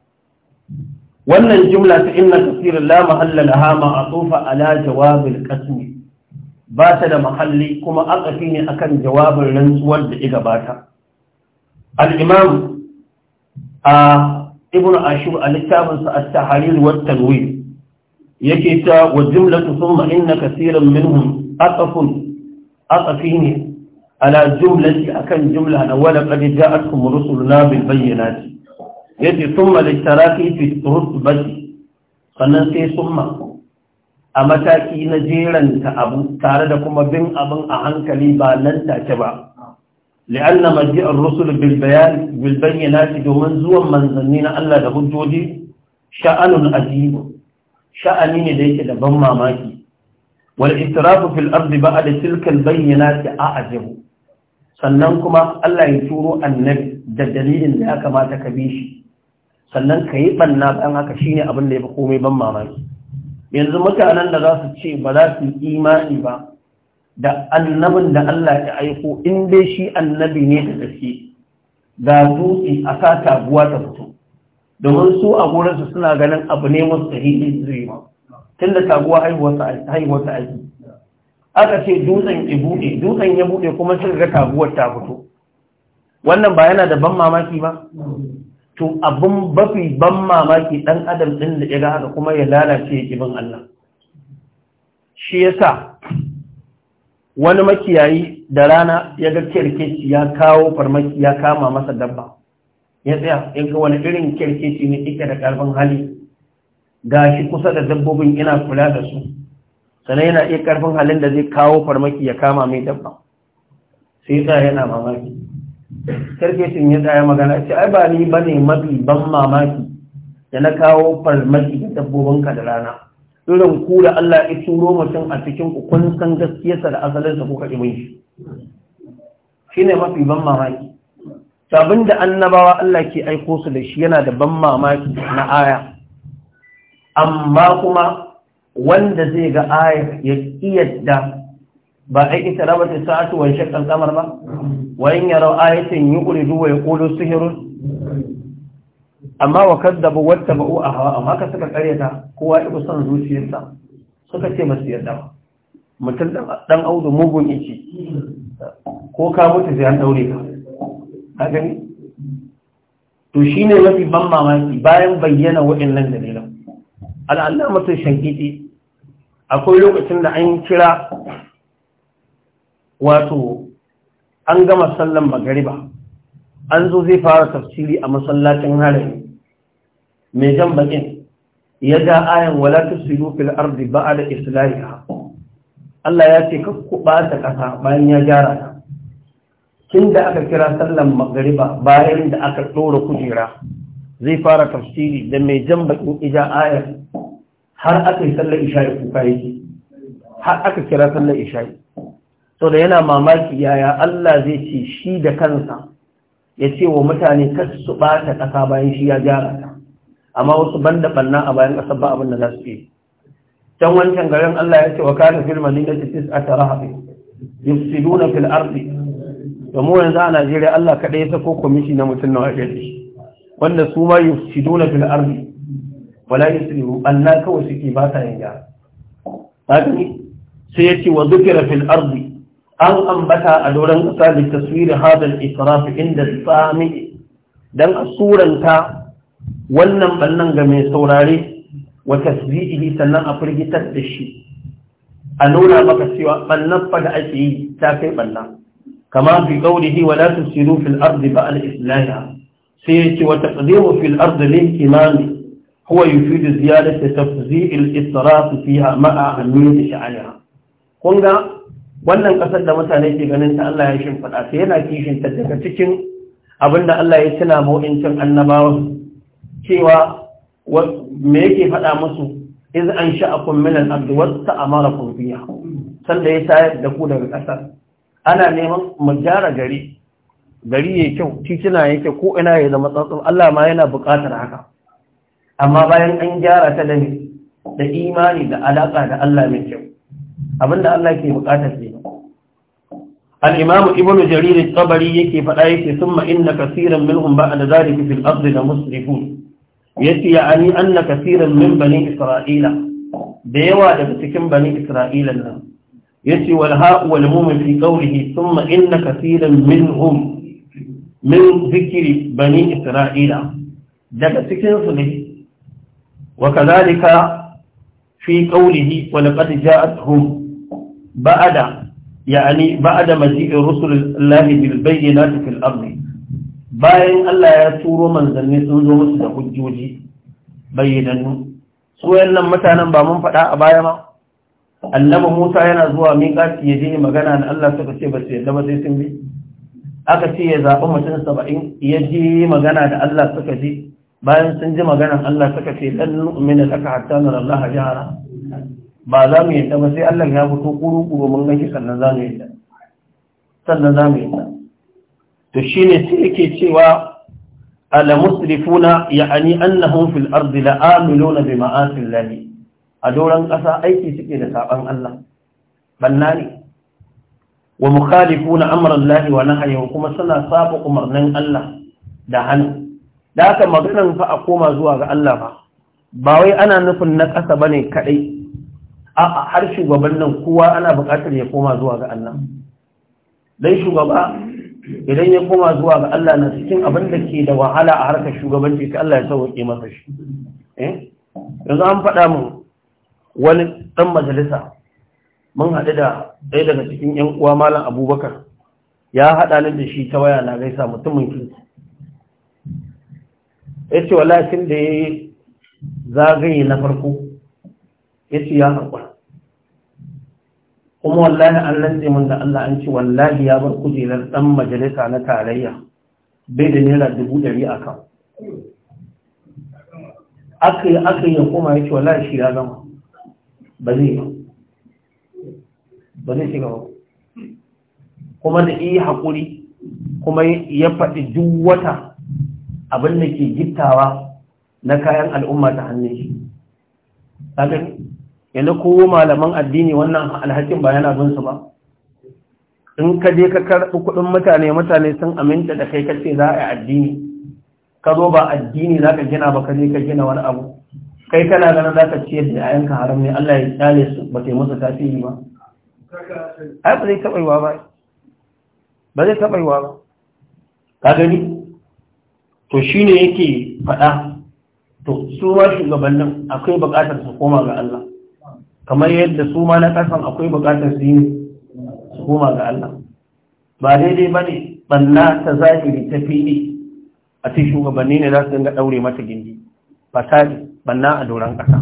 wannan jumla ta inna kasirin la mahalla laha a ala jawabil qasmi ba ta da mahalli kuma aqafi ne akan jawabin rantsuwar da ya gabata al-imam a ibnu ashur al-kitabun sa at-tahrir wa tanwir yake ta wa jumlatu thumma inna kasiran minhum aqafun aqafi ne ala jumlati akan jumla na wala qad ja'atkum rusuluna bil bayyinati yace summa lisharaki fi rutbati sannan sai summa a mataki na jeranta abu tare da kuma bin abin a hankali ba nan take ba لأن مجيء الرسل بالبيان domin zuwan manzanni منزنين allah da hujjoji شأن عجيب sha'ani ne da yake da ban mamaki wal ba a da ba'da bayyana al bayinat a'jabu sannan kuma Allah ya turo annabi da dalilin da ya kamata ka bi shi sannan ka yi ɓanna ɗan haka shi ne abin da ya fi komai ban mamaki yanzu mutanen da za su ce ba za su yi imani ba da annabin da Allah ya aiko in dai shi annabi ne da gaske ga dutse a sa taguwa ta fito domin su a gurinsu suna ganin abu ne masu sahihi zai ma tun da taguwa ta aiki aka ce dutsen ya buɗe dutsen ya buɗe kuma sun ga taguwar ta fito wannan ba yana da ban mamaki ba to abin bafi ban mamaki dan adam ɗin da ya haka kuma ya lalace ibin Allah shi yasa wani makiyayi da rana ya ga kirkeci ya kawo farmaki ya kama masa dabba ya tsaya in ga wani irin kirkeci ne ike da karfin hali ga shi kusa da dabbobin ina kula da su sannan yana iya karfin halin da zai kawo farmaki ya kama mai dabba sai sa yana mamaki sun ya tsaye magana ce ai ba ni bane mafi ban mamaki da na kawo farmaki dabbobin dabbobinka da rana irin ku da Allah ya turo mutum a cikin ku kun san gaskiyarsa da asalinsa kuka ƙi shi shine mafi ban mamaki sabin da annabawa Allah ke aiko su da shi yana da ban mamaki na aya amma kuma wanda zai ga aya ya ƙi yadda ba a ita rabata sa'atu wa shaqqal qamar ba wa in ƙuri ayatan ya wa su sihrun amma wa ba'u a hawa, amma ka suka karyata kowa ya kusan zuciyarsa suka ce masu yarda ba mutum dan audu mugun yake ko ka mutu sai an daure ka ka gani to shine mafi ban mamaki bayan bayyana waɗannan dalilan masu shan kiti. akwai lokacin da an kira wato an gama sallan magariba an zo zai fara tafsiri a masallacin harin mai jan bakin ya ga ayan wala tusiru fil ardi ba'da islahiha Allah ya ce kakku ɓata ƙasa bayan ya gyara ta tun da aka kira sallan magariba bayan da aka ɗora kujera zai fara tafsiri da mai jan bakin ija ayar har aka yi sallar isha'i kuka yake har aka kira sallar isha'i sau da yana mamaki yaya Allah zai ce shi da kansa ya ce wa mutane kasu ɓata ƙasa bayan shi ya gyara ta amma wasu ban da ɓanna a bayan ƙasar ba abin da za su yi can wancan garin Allah ya ce wa kare kana a madinati tis'ata rahfi na fil arzi." to mu yanzu a Najeriya Allah kaɗai ya sako kwamishi na mutum na wajen wanda su ma na fil arzi, wala yusrihu anna kawai suke ba ta yin gyara sai ya ce wa zukira fil arzi. an ambata a doron ƙasa da taswiri hadal israf inda sami don a suranta wannan bannan ga mai saurare wa tasbihi sannan a firgitar da shi a nuna maka cewa bannan fa da ake yi ta kai banna kama fi qawlihi wa la tusiru fil ardi ba al islaha sai yace wa taqdimu fil ardi lil imami huwa yufidu ziyadati tafzi'il israfi fiha ma'a ahamiyati sha'aniha kun ga wannan ƙasar da mutane ke ganin ta Allah ya shimfiɗa ta yana kishin ta daga cikin abin da Allah ya tuna mawa'incin annabawa cewa me yake faɗa musu iz an sha'akum min al-ard wa ta'amarakum biha sanda ya tayar da ku daga ƙasar ana neman mu gyara gari gari yayi kyau titina yake ko ina ya zama tsatsun Allah ma yana buƙatar haka amma bayan an gyara ta da da imani da alaka da Allah mai kyau abinda Allah ke bukatar ne al-imamu ibnu jarir at-tabari yake faɗa yake summa inna kaseeran minhum ba'da zalika fil ardi la musrifun yace ya'ani anna kaseeran min bani isra'ila da yawa daga cikin bani isra'ila nan yace wal ha'u wal mu'min fi qawlihi thumma inna kaseeran minhum min zikri bani isra'ila daga cikin su ne wa kadhalika في قوله ولقد جاءتهم بعد يعني بعد مجيء رسل الله بالبينات في الأرض bayan Allah ya turo manzanni sun zo musu da hujjoji bayyanannu su wayannan mutanen ba mun faɗa a baya ma annabi Musa yana zuwa miƙati ya je magana da Allah suka ce ba su yadda ba sai sun bi aka ce ya zaɓi mutum saba'in ya je magana da Allah suka ji bayan sun ji maganar Allah suka ce dan nu'mina laka hatta nara Allah jahara ba za mu yadda ba sai Allah ya fito kuru kuru mun gashi sannan za mu yadda sannan za mu yadda to shine sai yake cewa ala musrifuna ya'ani annahum fil ardi la'amiluna bi ma'asi Allah a doran kasa aiki suke da saban Allah banna ne wa mukhalifuna amra Allah wa nahyahu kuma suna saba umarnin Allah da hannu da haka maganan fa a koma zuwa ga Allah ba ba wai ana nufin na ƙasa ba ne kaɗai a har shugaban nan kowa ana buƙatar ya koma zuwa ga Allah don shugaba idan ya koma zuwa ga Allah na cikin abin da ke da wahala a harkar shugabanci sai Allah ya sauƙe masa shi eh? yanzu an faɗa mu wani ɗan majalisa mun haɗu da ɗaya daga cikin ‘yan uwa malam abubakar ya haɗa ni da shi ta waya na gaisa mutumin kirki ya ce walashin da ya zagaye na farko ya ce ya haƙura kuma wallahi an lantse min da Allah an ce wallahi ya bar kujerar ɗan majalisa na tarayya bai da naira dubu ɗari a kan aka yi aka yi koma ya ce wallahi shi ya zama ba zai ba ba zai shiga ba kuma da iya haƙuri kuma ya faɗi duk wata abin da ke gittawa na kayan al'umma ta hannun shi yana kowo malaman addini wannan alhakin ba yana zunsu ba in ka je ka karɓi kuɗin mutane mutane sun aminta da kai kace za a yi addini ka zo ba addini za ka gina ba ka je ka gina wani abu kai kana ganin za ka ciyar da yayanka haram ne Allah ya kyale su ba ta yi musu tasiri ba ai ba zai taɓa yiwa ba ba zai taɓa yiwa ba ka gani to shi shine yake faɗa to su ma shugabannin akwai buƙatar su koma ga Allah kamar yadda su ma na ƙasan akwai buƙatar su yi su koma ga Allah ba daidai ba ne ɓanna ta zahiri ta fili a cikin shugabanni ne za su dinga ɗaure mata gindi Ba fasadi ɓanna a doron ƙasa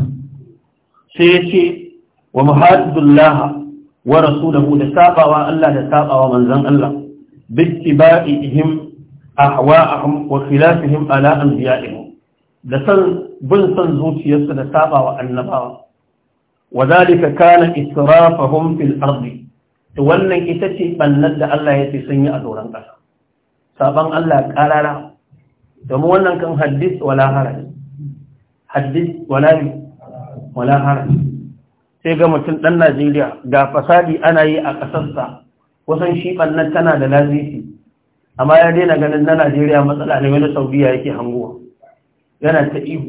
sai ya ce wa muhaddullah wa rasu da sabawa Allah da sabawa manzon Allah bi ahwa'ahum wa khilafihim ala anbiya'ihim da san bin san zuciyarsu da wa annabawa وذلك كان إسرافهم في الأرض wannan ita ce bannan da Allah ya ce sun yi a doron ƙasa saban Allah Da mu wannan kan haddis wala harari haddis wala wala harari sai ga mutum ɗan Najeriya ga fasadi ana yi a ƙasarsa wasan shi bannan tana da lazisi amma ya daina ganin na najeriya matsala ne wani saudiya yake hanguwa yana ta ihu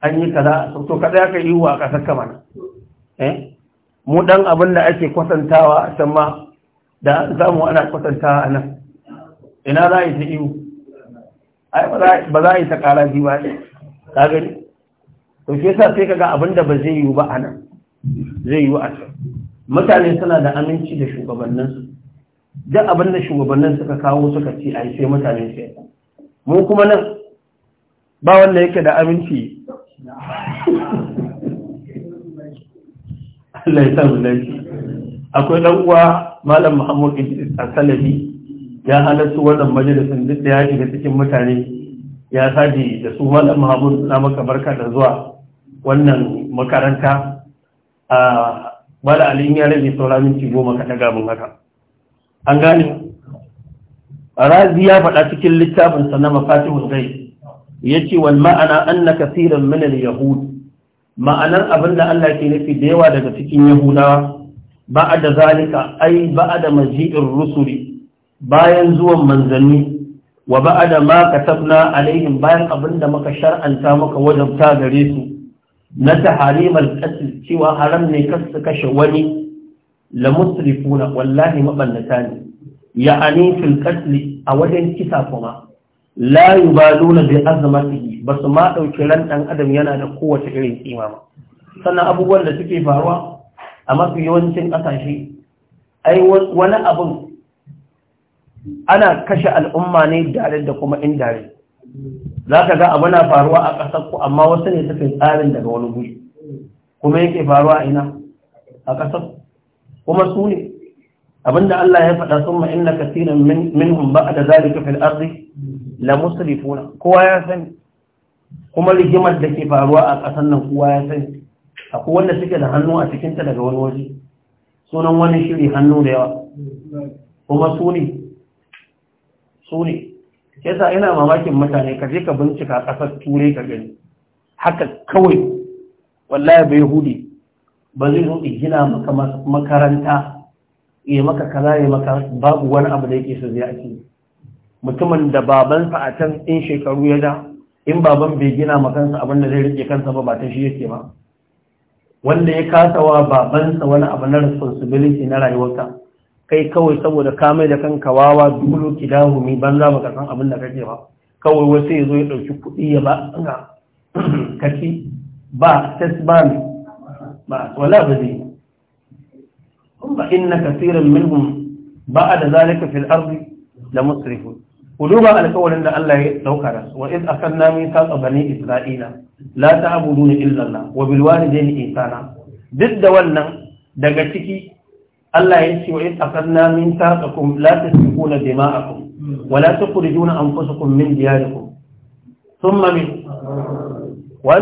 an yi kaza to kaza ya kai ihu a ƙasar kamar eh? mu ɗan abin da ake kwatantawa a can ma da zamu ana kwatantawa a nan ina za a yi ta ihu ba za a yi ta ƙara biyu ba ka gani to shi yasa sai kaga abin da ba zai yiwu ba a nan zai yiwu a can mutane suna da aminci da shugabanninsu duk abin da shugabannin suka kawo suka ci a sai mutane sai mu kuma nan ba wanda yake da aminci Allah ya akwai dan uwa malam Muhammad Idris Salafi ya halarci wannan majalisin duk da ya shiga cikin mutane ya saji da su malam Muhammad na maka barka da zuwa wannan makaranta a ah, bala alin ya rage saura minti goma ka daga mun haka an gane razi ya faɗa cikin littafinsa na mafatihun gai ya ce wal ma'ana anna na kasirin minal yahud ma'anar abin da Allah ke nufi da yawa daga cikin yahudawa Ba'a da zalika ai ba'a da maji'in rusuri bayan zuwan manzanni wa ba da ma katabna alaihim bayan abin da muka shar'anta muka wajabta gare su na taharimar qatl cewa haram ne kasu kashe wani la musrifuna wallahi maɓallata ne ya'ani fil qatl a wajen kisa kuma la yubaluna bi azmatihi basu ma ran ɗan adam yana da kowace irin kima ba sannan abubuwan da suke faruwa a mafi yawancin kasashe ai wani abun ana kashe al'umma ne dare da kuma indare za ka ga abu na faruwa a ƙasar ku amma wasu ne suke tsarin daga wani guri kuma yake faruwa ina a ƙasar kuma su ne abinda Allah ya faɗa sun na kasirin minhum ba da zalika fil arzi la musulifuna kowa ya sani kuma rigimar da ke faruwa a ƙasar nan kowa ya sani akwai wanda suke da hannu a cikinta daga wani waje sunan wani shiri hannu da yawa kuma su ne su ne yasa ina mamakin mutane ka je ka bincika ƙasar turai ka gani haka kawai wallahi bai hudi ba zai zo gina maka makaranta ya maka kaza ya maka babu wani abu da yake so zai ake mutumin da babansa a can in shekaru ya da in baban bai gina kansa abin da zai rike kansa ba ba ta shi yake ba wanda ya kasa baban babansa wani abu na responsibility na rayuwarka kai kawai saboda ka mai da kanka wawa dulu kidahu mi banza baka san abin da kake ba kawai wasu ya zo ya dauki kuɗi ya ba ina ci ba test ban ba wala ba zai da zalika fil ardi la musrifu da Allah ya dauka da su wa iz akanna min ciki Allah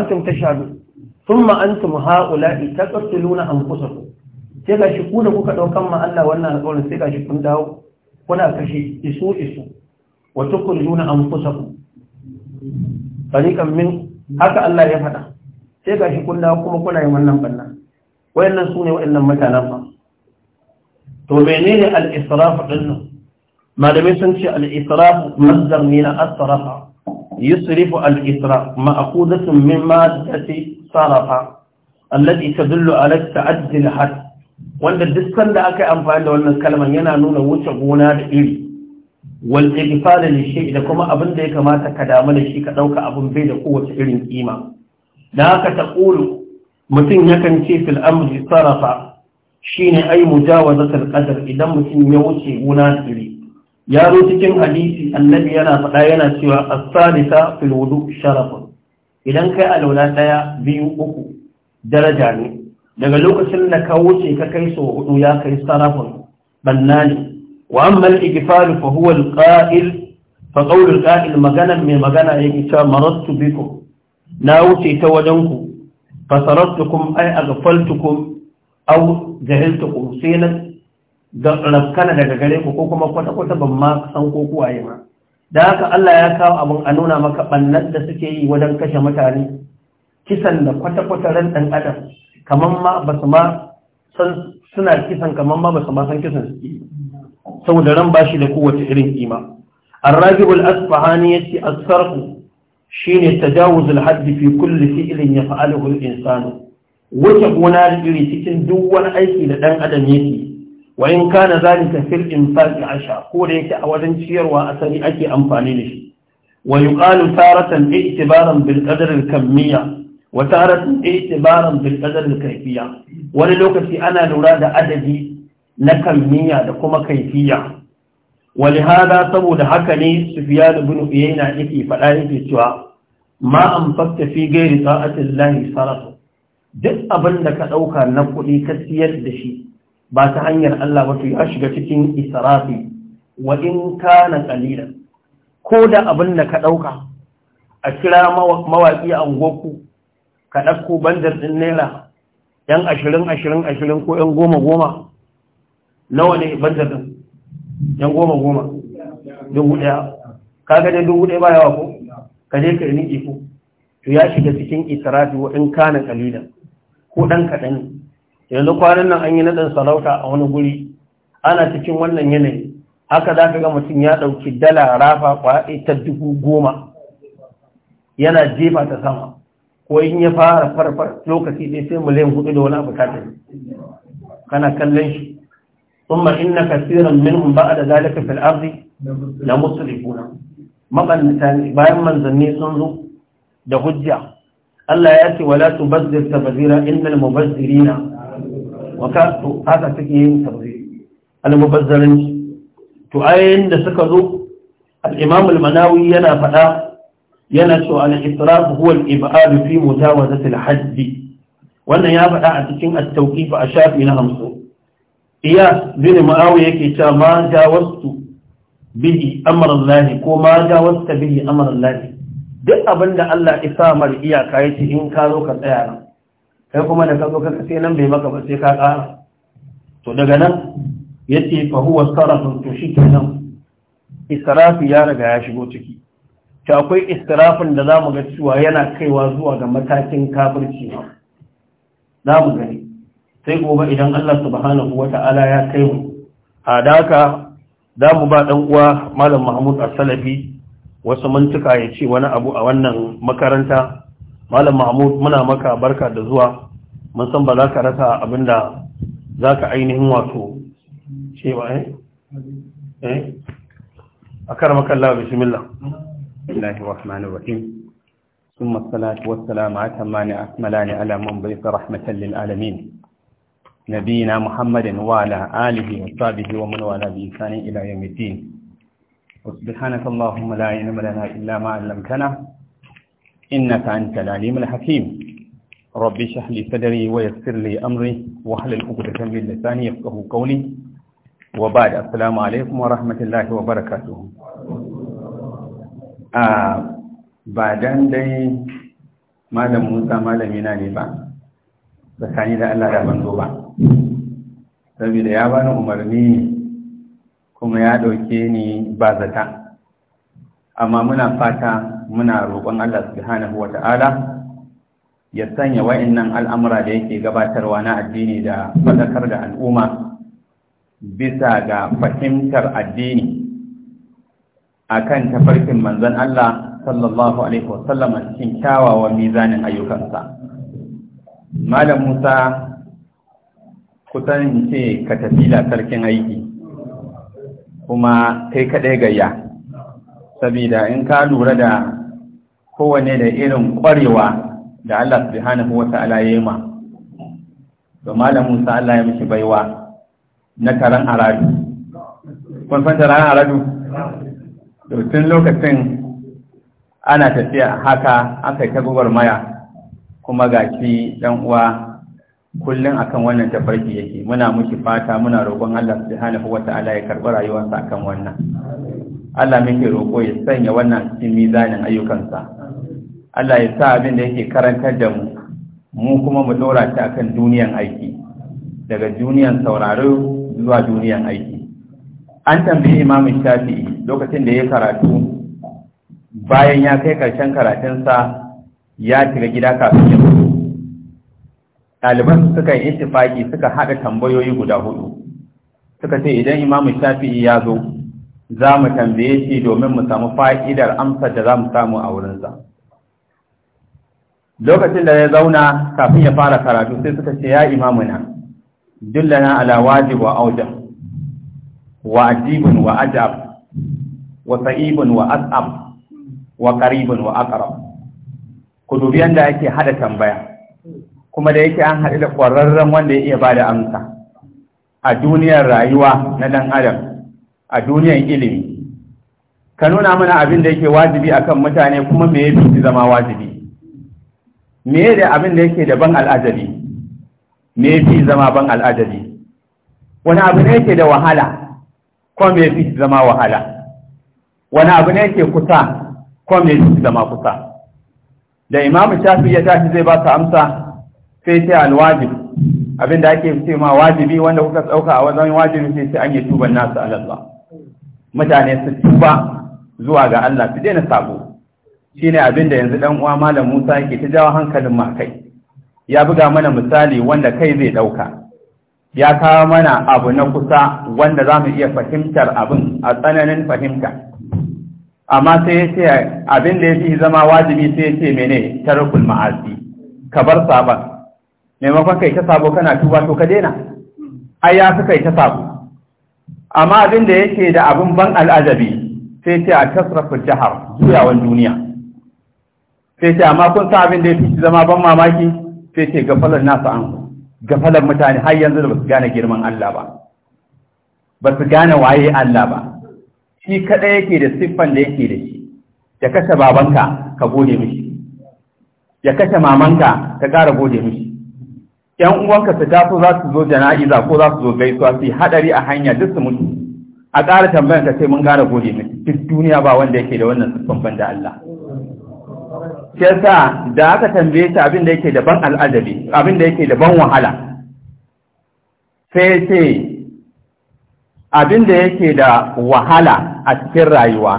ya thumma antum haula'i taqtuluna anfusakum sai ga shi ku da kuka daukan ma Allah wannan alƙawarin sai ga shi kun dawo kuna kashe isu isu wa kusa ku? fariqan min haka Allah ya faɗa sai ga shi kun dawo kuma kuna yin wannan banna wayannan su ne wayannan mutanen fa to menene al-israf din nan malamai sun ce al-israf mazdar ne na asrafa yusrifu al-israf ma'qudatun min maddati sarafa allati tadullu ala ta'addil had wanda dukkan da aka yi amfani da wannan kalman yana nuna wuce gona da iri wal iqfal li shay da kuma abin da ya kamata ka damu da shi ka dauka abin bai da kowace irin kima da haka ta qulu mutum yakan ce fil amri sarafa shine ai mujawazatul qadar idan mutum ya wuce gona da iri Yaro cikin hadisi annabi yana faɗa yana cewa as-salisa fil wudu sharafun idan kai alwala ɗaya biyu uku daraja ne daga lokacin da ka wuce ka kai so hudu ya kai sarafin banna ne wa amma al fa huwa al-qa'il fa qawl al-qa'il magana mai magana yake cewa marattu bikum na wuce ta wajen ku fa sarattukum ay aghfaltukum aw jahiltukum sai na da daga gare ku ko kuma kwata kwata ban ma san ko kuwaye ma da haka Allah ya kawo abin a nuna maka ɓannan da suke yi wajen kashe mutane kisan da kwata-kwata ɗan adam kamar ma ba su ma san suna kisan kamar ma ba su ma san kisan suke yi saboda ran bashi da kowace irin kima arragibul asfahani yace as-sarfu shine tajawuzul hadd fi kulli fi'lin yaf'aluhu al-insanu wuce gona da iri cikin duk wani aiki da ɗan adam yake wa na kana zalika fil infaqi asha ko da yake a wajen ciyarwa asali ake amfani da shi wa yuqalu taratan i'tibaran bil qadr al kamiyya wa taratan i'tibaran bil qadr wani lokaci ana lura da adadi na kamiyya da kuma kayfiyya ولهذا saboda haka ne da ibn Uyayna yake faɗa yake cewa ma anfaqta fi ghairi ta'ati Allah sarata duk abin da ka ɗauka na kuɗi ka siyar da shi ba ta hanyar Allah ba to ya shiga cikin israfi wa in kana qalilan ko da abin da ka dauka a kira mawaki a ungoku ka dauko bandar din naira yan 20 20 20 ko yan goma goma nawa ne bandar din yan goma goma dubu daya kaga dai dubu daya ba yawa ko ka je ka yi ko to ya shiga cikin israfi wa in kana qalilan ko dan kadan yanzu kwanan nan an yi naɗin sarauta a wani guri ana cikin wannan yanayi haka za ka ga mutum ya ɗauki dala rafa kwaɗe ta dubu goma yana jefa ta sama ko in ya fara farfar lokaci ɗaya sai miliyan hudu da wani abu ka kana kallon shi kuma inna kasiran min ba'a da zalika fil ardi la musrifuna Tani, bayan manzanni sun zo da hujja Allah ya ce wala tubazzir tabazira innal mubazzirina waka to haka take yin tabzi al-mubazzaranci to ayoyin da suka zo al-imam al-manawi yana faɗa yana cewa al-israf huwa al-ib'ad fi al wannan ya faɗa a cikin at-tawqif a shafi na 50 iya bin ma'awiya yake cewa ma jawastu bihi amara Allah ko ma jawasta bihi amara Allah duk abinda Allah ya sa mar iyaka yace in ka zo ka tsaya nan kai kuma da ka zo sai nan bai maka ba sai ka ƙara to daga nan yace fa huwa sarafun to shi ya riga ya shigo ciki to akwai israfin da zamu ga cewa yana kaiwa zuwa ga matakin kafirci ma mu gani sai gobe idan Allah subhanahu wata'ala ya kai mu hadaka mu ba dan uwa malam Mahmud As-Salafi wasu mantuka ya ce wani abu a wannan makaranta malam mahmud muna maka barka da zuwa mun san ba za ka rasa abin da za ka ainihin wato eh? Eh? a karmakan labar shimillah inahi rahmanu rahim a tamani إنك أنت العليم الحكيم رب اشرح لي صدري ويسر لي أمري واحلل عقدة من لساني يفقه قولي وبعد السلام عليكم ورحمة الله وبركاته آه بعدين دي malam musa malami na ne ba tsakani da allah da ban zo ba saboda ya bani umarni kuma ya ɗauke ni ba zata amma muna fata muna roƙon Allah subhanahu wa ta'ala ya sanya wa'annan al'amura da yake gabatarwa na addini da faɗakar da al'umma bisa ga fahimtar addini a kan tafarkin manzan Allah sallallahu Alaihi a cikin kyawawan mizanin ayyukansa. Malam Musa kusan ce ka tafi sarkin aiki kuma kai kaɗai gayya sabida in ka lura da kowane da irin ƙwarewa da Allah subhanahu wa ta'ala ya yi ma da malam Musa Allah ya mashi baiwa na karan aradu kun san taron aradu to tun lokacin ana tafiya haka aka kai ta maya kuma ga shi dan uwa kullum akan wannan tafarki yake muna mushi fata muna roƙon Allah subhanahu wa ta'ala ya karɓi rayuwarsa akan wannan Allah muke roƙo ya sanya wannan cikin mizanin ayyukansa Allah ya sa abin da yake karantar da mu mu kuma mu ɗora ta akan duniyan aiki daga duniyan sauraro zuwa duniyan aiki an tambayi Imam Shafi'i lokacin da ya karatu bayan ya kai ƙarshen karatunsa ya shiga gida kafin ya mutu. ɗaliban suka yi suka haɗa tambayoyi guda hudu suka ce idan imamin Shafi'i ya zo za mu tambaye shi domin mu samu fa'idar amsar da za mu samu a wurinsa lokacin da ya zauna kafin ya fara karatu sai suka ce ya imamuna dullana ala wajib wa auja wa ajibun wa ajab wa sa'ibun wa as'ab wa ƙaribin, wa aqrab ku dubi yadda ake haɗa tambaya kuma da yake an haɗu da ƙwararren wanda ya iya ba da amsa a duniyar rayuwa na ɗan adam a duniyan ilimi ka nuna mana abin da yake wajibi akan mutane kuma me yafi fi zama wajibi me da abin da yake da ban al'ajabi me fi zama ban al'ajabi wani abu ne yake da wahala ko me fi zama wahala wani abu ne yake kusa ko me fi zama kusa da imamu shafi ya tashi zai ba su amsa sai ce alwajib abin da ake ce ma wajibi wanda kuka tsauka a wajen wajibi sai ce an yi tuban nasu alallah mutane su tuba zuwa ga Allah su daina sabo ne abin da yanzu ɗan uwa malam Musa yake ta jawo hankalin mu kai ya buga mana misali wanda kai zai ɗauka. ya kawo mana abu na kusa wanda za mu iya fahimtar abin a tsananin fahimta amma sai ya ce abin da ya fi zama wajibi sai ya ce mene tarukul ma'azi. ka bar sabon maimakon kai ta sabo kana tuba to ka daina ai ya fi kai ta sabo amma abin da yake da abin ban al'ajabi sai ce a tasrafa jihar juyawan duniya sai ce amma kun san abin da ya fi zama ban mamaki sai ce gafalar nasu an gafalar mutane har yanzu da ba su gane girman Allah ba ba su gane waye Allah ba shi kaɗai yake da siffan da yake da shi ya kashe babanka ka gode mishi ya kashe mamanka ka ƙara gode mishi yan uwanka su taso za su zo jana'iza ko za su zo gaisuwa su yi hadari a hanya duk su mutu a ƙara tambayar ka sai mun ƙara gode miki duk duniya ba wanda yake da wannan ban da Allah shi yasa da aka tambaye shi abin da yake da ban al'adabi abin da yake da ban wahala sai sai abin da yake da wahala a cikin rayuwa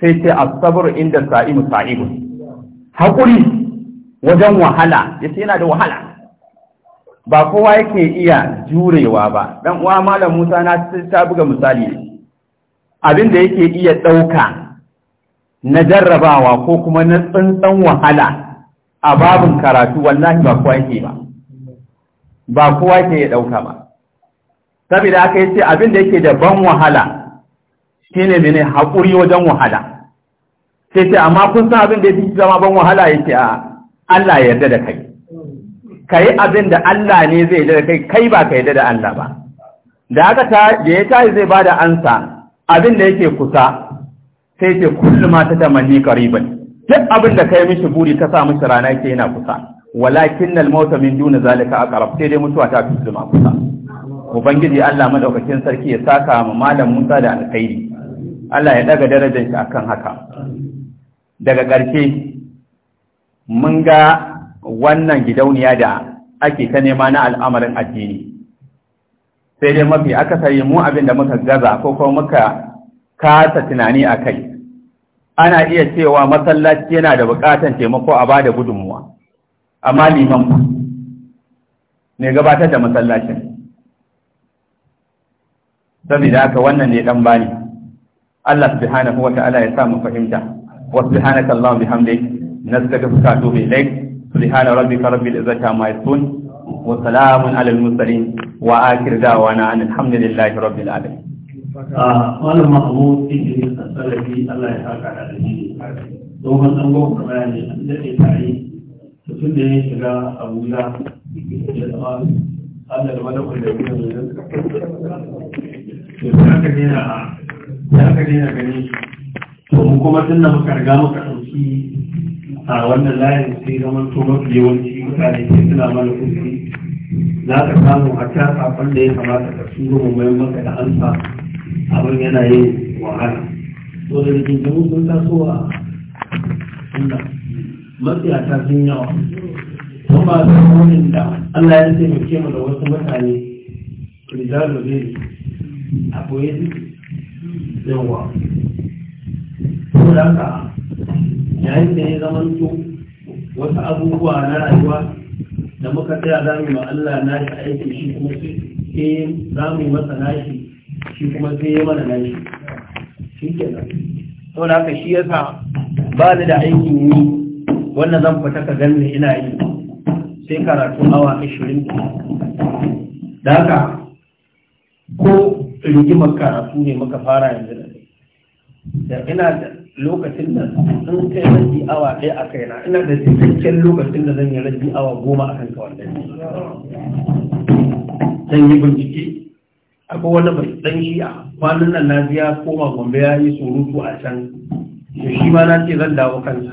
sai sai a sabar inda sa'imu sa'ibu haƙuri wajen wahala yace yana da wahala ba kowa yake iya jurewa ba dan uwa malam Musa na ta buga misali ne abin da yake iya ɗauka na jarrabawa ko kuma na tsantsan wahala a babin karatu wallahi ba kowa yake ba ba kowa yake ya ɗauka ba saboda aka yi abin da yake da ban wahala shine ne haƙuri wajen wahala sai ce amma kun san abin da yake zama ban wahala yake a Allah ya yarda da kai ka yi abin da Allah ne zai yi da kai kai ba ka yi da Allah ba da aka ta da ya tashi zai bada ansa abin da yake kusa sai ce kullu ma ta tamanni qariban duk abin da kai mishi buri ka sa mishi rana yake yana kusa walakin al mautu min duna zalika aqrab sai dai mutuwa ta fi zuma kusa ubangiji Allah madaukakin sarki ya saka ma malam Musa da alkhairi Allah ya daga darajar shi akan haka daga ƙarshe mun ga wannan gidauniya da ake ta nema na al'amarin addini sai dai mafi akasari mu abin da muka gaza ko kuma muka kasa tunani a kai ana iya cewa masallaci yana da bukatan taimako a bada gudunmuwa amma liman fa ne gabatar da masallacin saboda haka wannan ne dan bani Allah subhanahu wa ta'ala ya sa mu fahimta wa subhanaka allahumma bihamdika nastaghfiruka wa atubu ilaik سبحان ربك رب العزة عما يصفون وسلام على المرسلين وآخر دعوانا أن الحمد لله رب العالمين wani mahmud idris a tsarafi allah ya haka da alheri domin an gwamnati bayani an daɗe tare mutum da shiga abuja ya zama allah da wani wanda ya gina mai zan ya ka dena gani to kuma tun da muka riga a wannan layin sai zaman to mafi yawanci mutane ke suna mana kuskure za ka samu a ta kafin da ya kamata ka su mu mai maka da ansa abin yana yin wahala to da rigingimu sun taso a inda matsiyata sun yawa kuma da wani da Allah ya mace mu da wasu mutane rizalo zai a boye su yawa ko da haka yayin da ya zamanto wasu abubuwa na rayuwa da muka tsaya za mu yi Allah na shi aiki shi kuma sai za mu yi masa nashi shi kuma sai ya mana nashi shi ke nan sau da haka shi yasa ba ni da aikin yi wannan zan fita ka ni ina yi sai karatu awa ashirin da haka ko rigimar karatu ne muka fara yanzu da ina da lokacin nan sun kai rabbi awa ɗaya a kaina ina da cikakken lokacin da zan yi rabbi awa goma a kanka wannan zan yi bincike akwai wani mai ɗan shi a kwanan nan na biya koma gombe ya yi surutu a can da shi ma na ce zan dawo kansa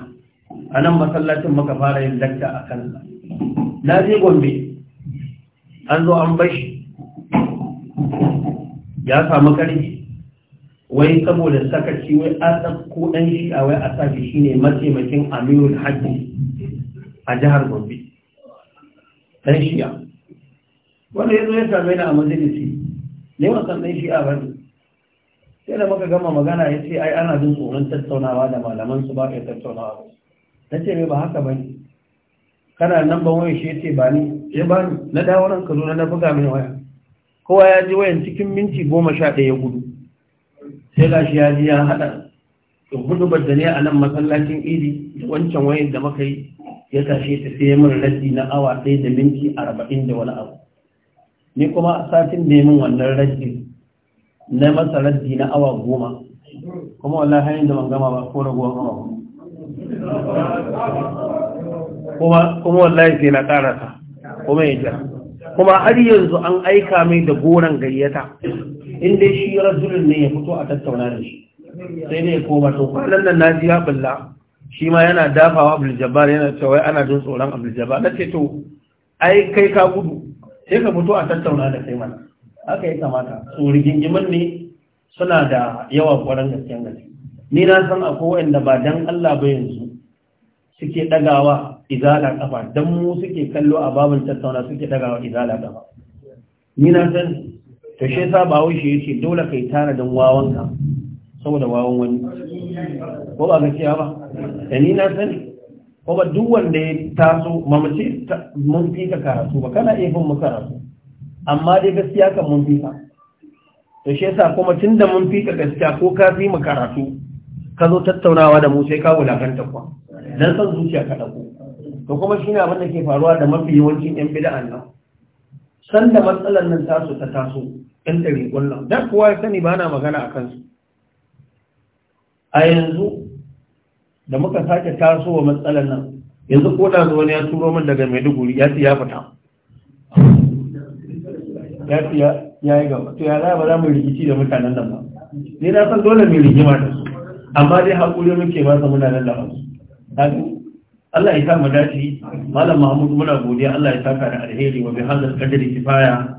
a nan masallacin muka fara yin dakta a kansa na je gombe an zo an bashi ya samu karfi wai saboda sakaci wai a ɗauko ɗan shi a wai a sashi shine mataimakin amirul hajji a jihar gombe ɗan shi'a wanda ya zo ya same ni a majalisi ne wasan ɗan shi'a ba ne sai da muka gama magana ya ce ai ana jin tsoron tattaunawa da malaman su ba ya tattaunawa ba na ce mai ba haka ba ne kana nan ban waya shi ya ce ba ni ya ba ni na dawo nan zo na buga mai waya kowa ya ji wayan cikin minti goma sha ɗaya gudu sai shi ya ji ya haɗa hudubar da ne a nan masallacin idi da wancan wayar da muka yi ya tashe ta sai mun raddi na awa ɗaya da minti arba'in da wani abu ni kuma a satin da min wannan raddi na masa raddi na awa goma kuma wallahi hanyar da ban gama ba ko na gama kuma kuma wallahi sai na karasa kuma ya jira kuma har yanzu an aika mai da goron gayyata in dai shi rajulun ne ya fito a tattauna da shi sai ne ya koma to kwanan nan na ya bulla shi ma yana dafawa abdul jabbar yana cewa ana jin tsoron abdul jabbar ce to ai kai ka gudu sai ka fito a tattauna da kai mana haka ya kamata su rigingimin ne suna da yawa kwaran gaskiyan gaske ni na san akwai wanda ba dan Allah ba yanzu suke dagawa izala kafa dan mu suke kallo a babin tattauna suke dagawa izala kafa ni na san to shi yasa ba shi yace dole kai tanadin wawanka saboda wawan wani ko ba gaskiya ba da ni na sani ko ba duk wanda ya taso mamace mun fi ka karatu ba kana iya bin mu karatu amma dai gaskiya kan mun fi ka to shi yasa kuma tunda mun fi ka gaskiya ko ka fi mu karatu ka zo tattaunawa da mu sai ka wulakanta kuwa dan san zuciya ka dauko to kuma shine abin da ke faruwa da mafi yawancin yan bid'a nan da matsalar nan taso ta taso ɗan ɗari ƙullon don kuwa ya sani ba na magana a kansu a yanzu da muka sake wa matsalar nan yanzu ko da wani ya turo min daga maiduguri ya ci ya fita ya ci ya yi gaba to ya za ba za mu rikici da mutanen nan ba ni na san dole mai rigima da su amma dai haƙuri muke ba sa muna nan da su Allah ya sa mu dace Malam Mahmud muna godiya Allah ya saka da alheri wa bi hadal qadri kifaya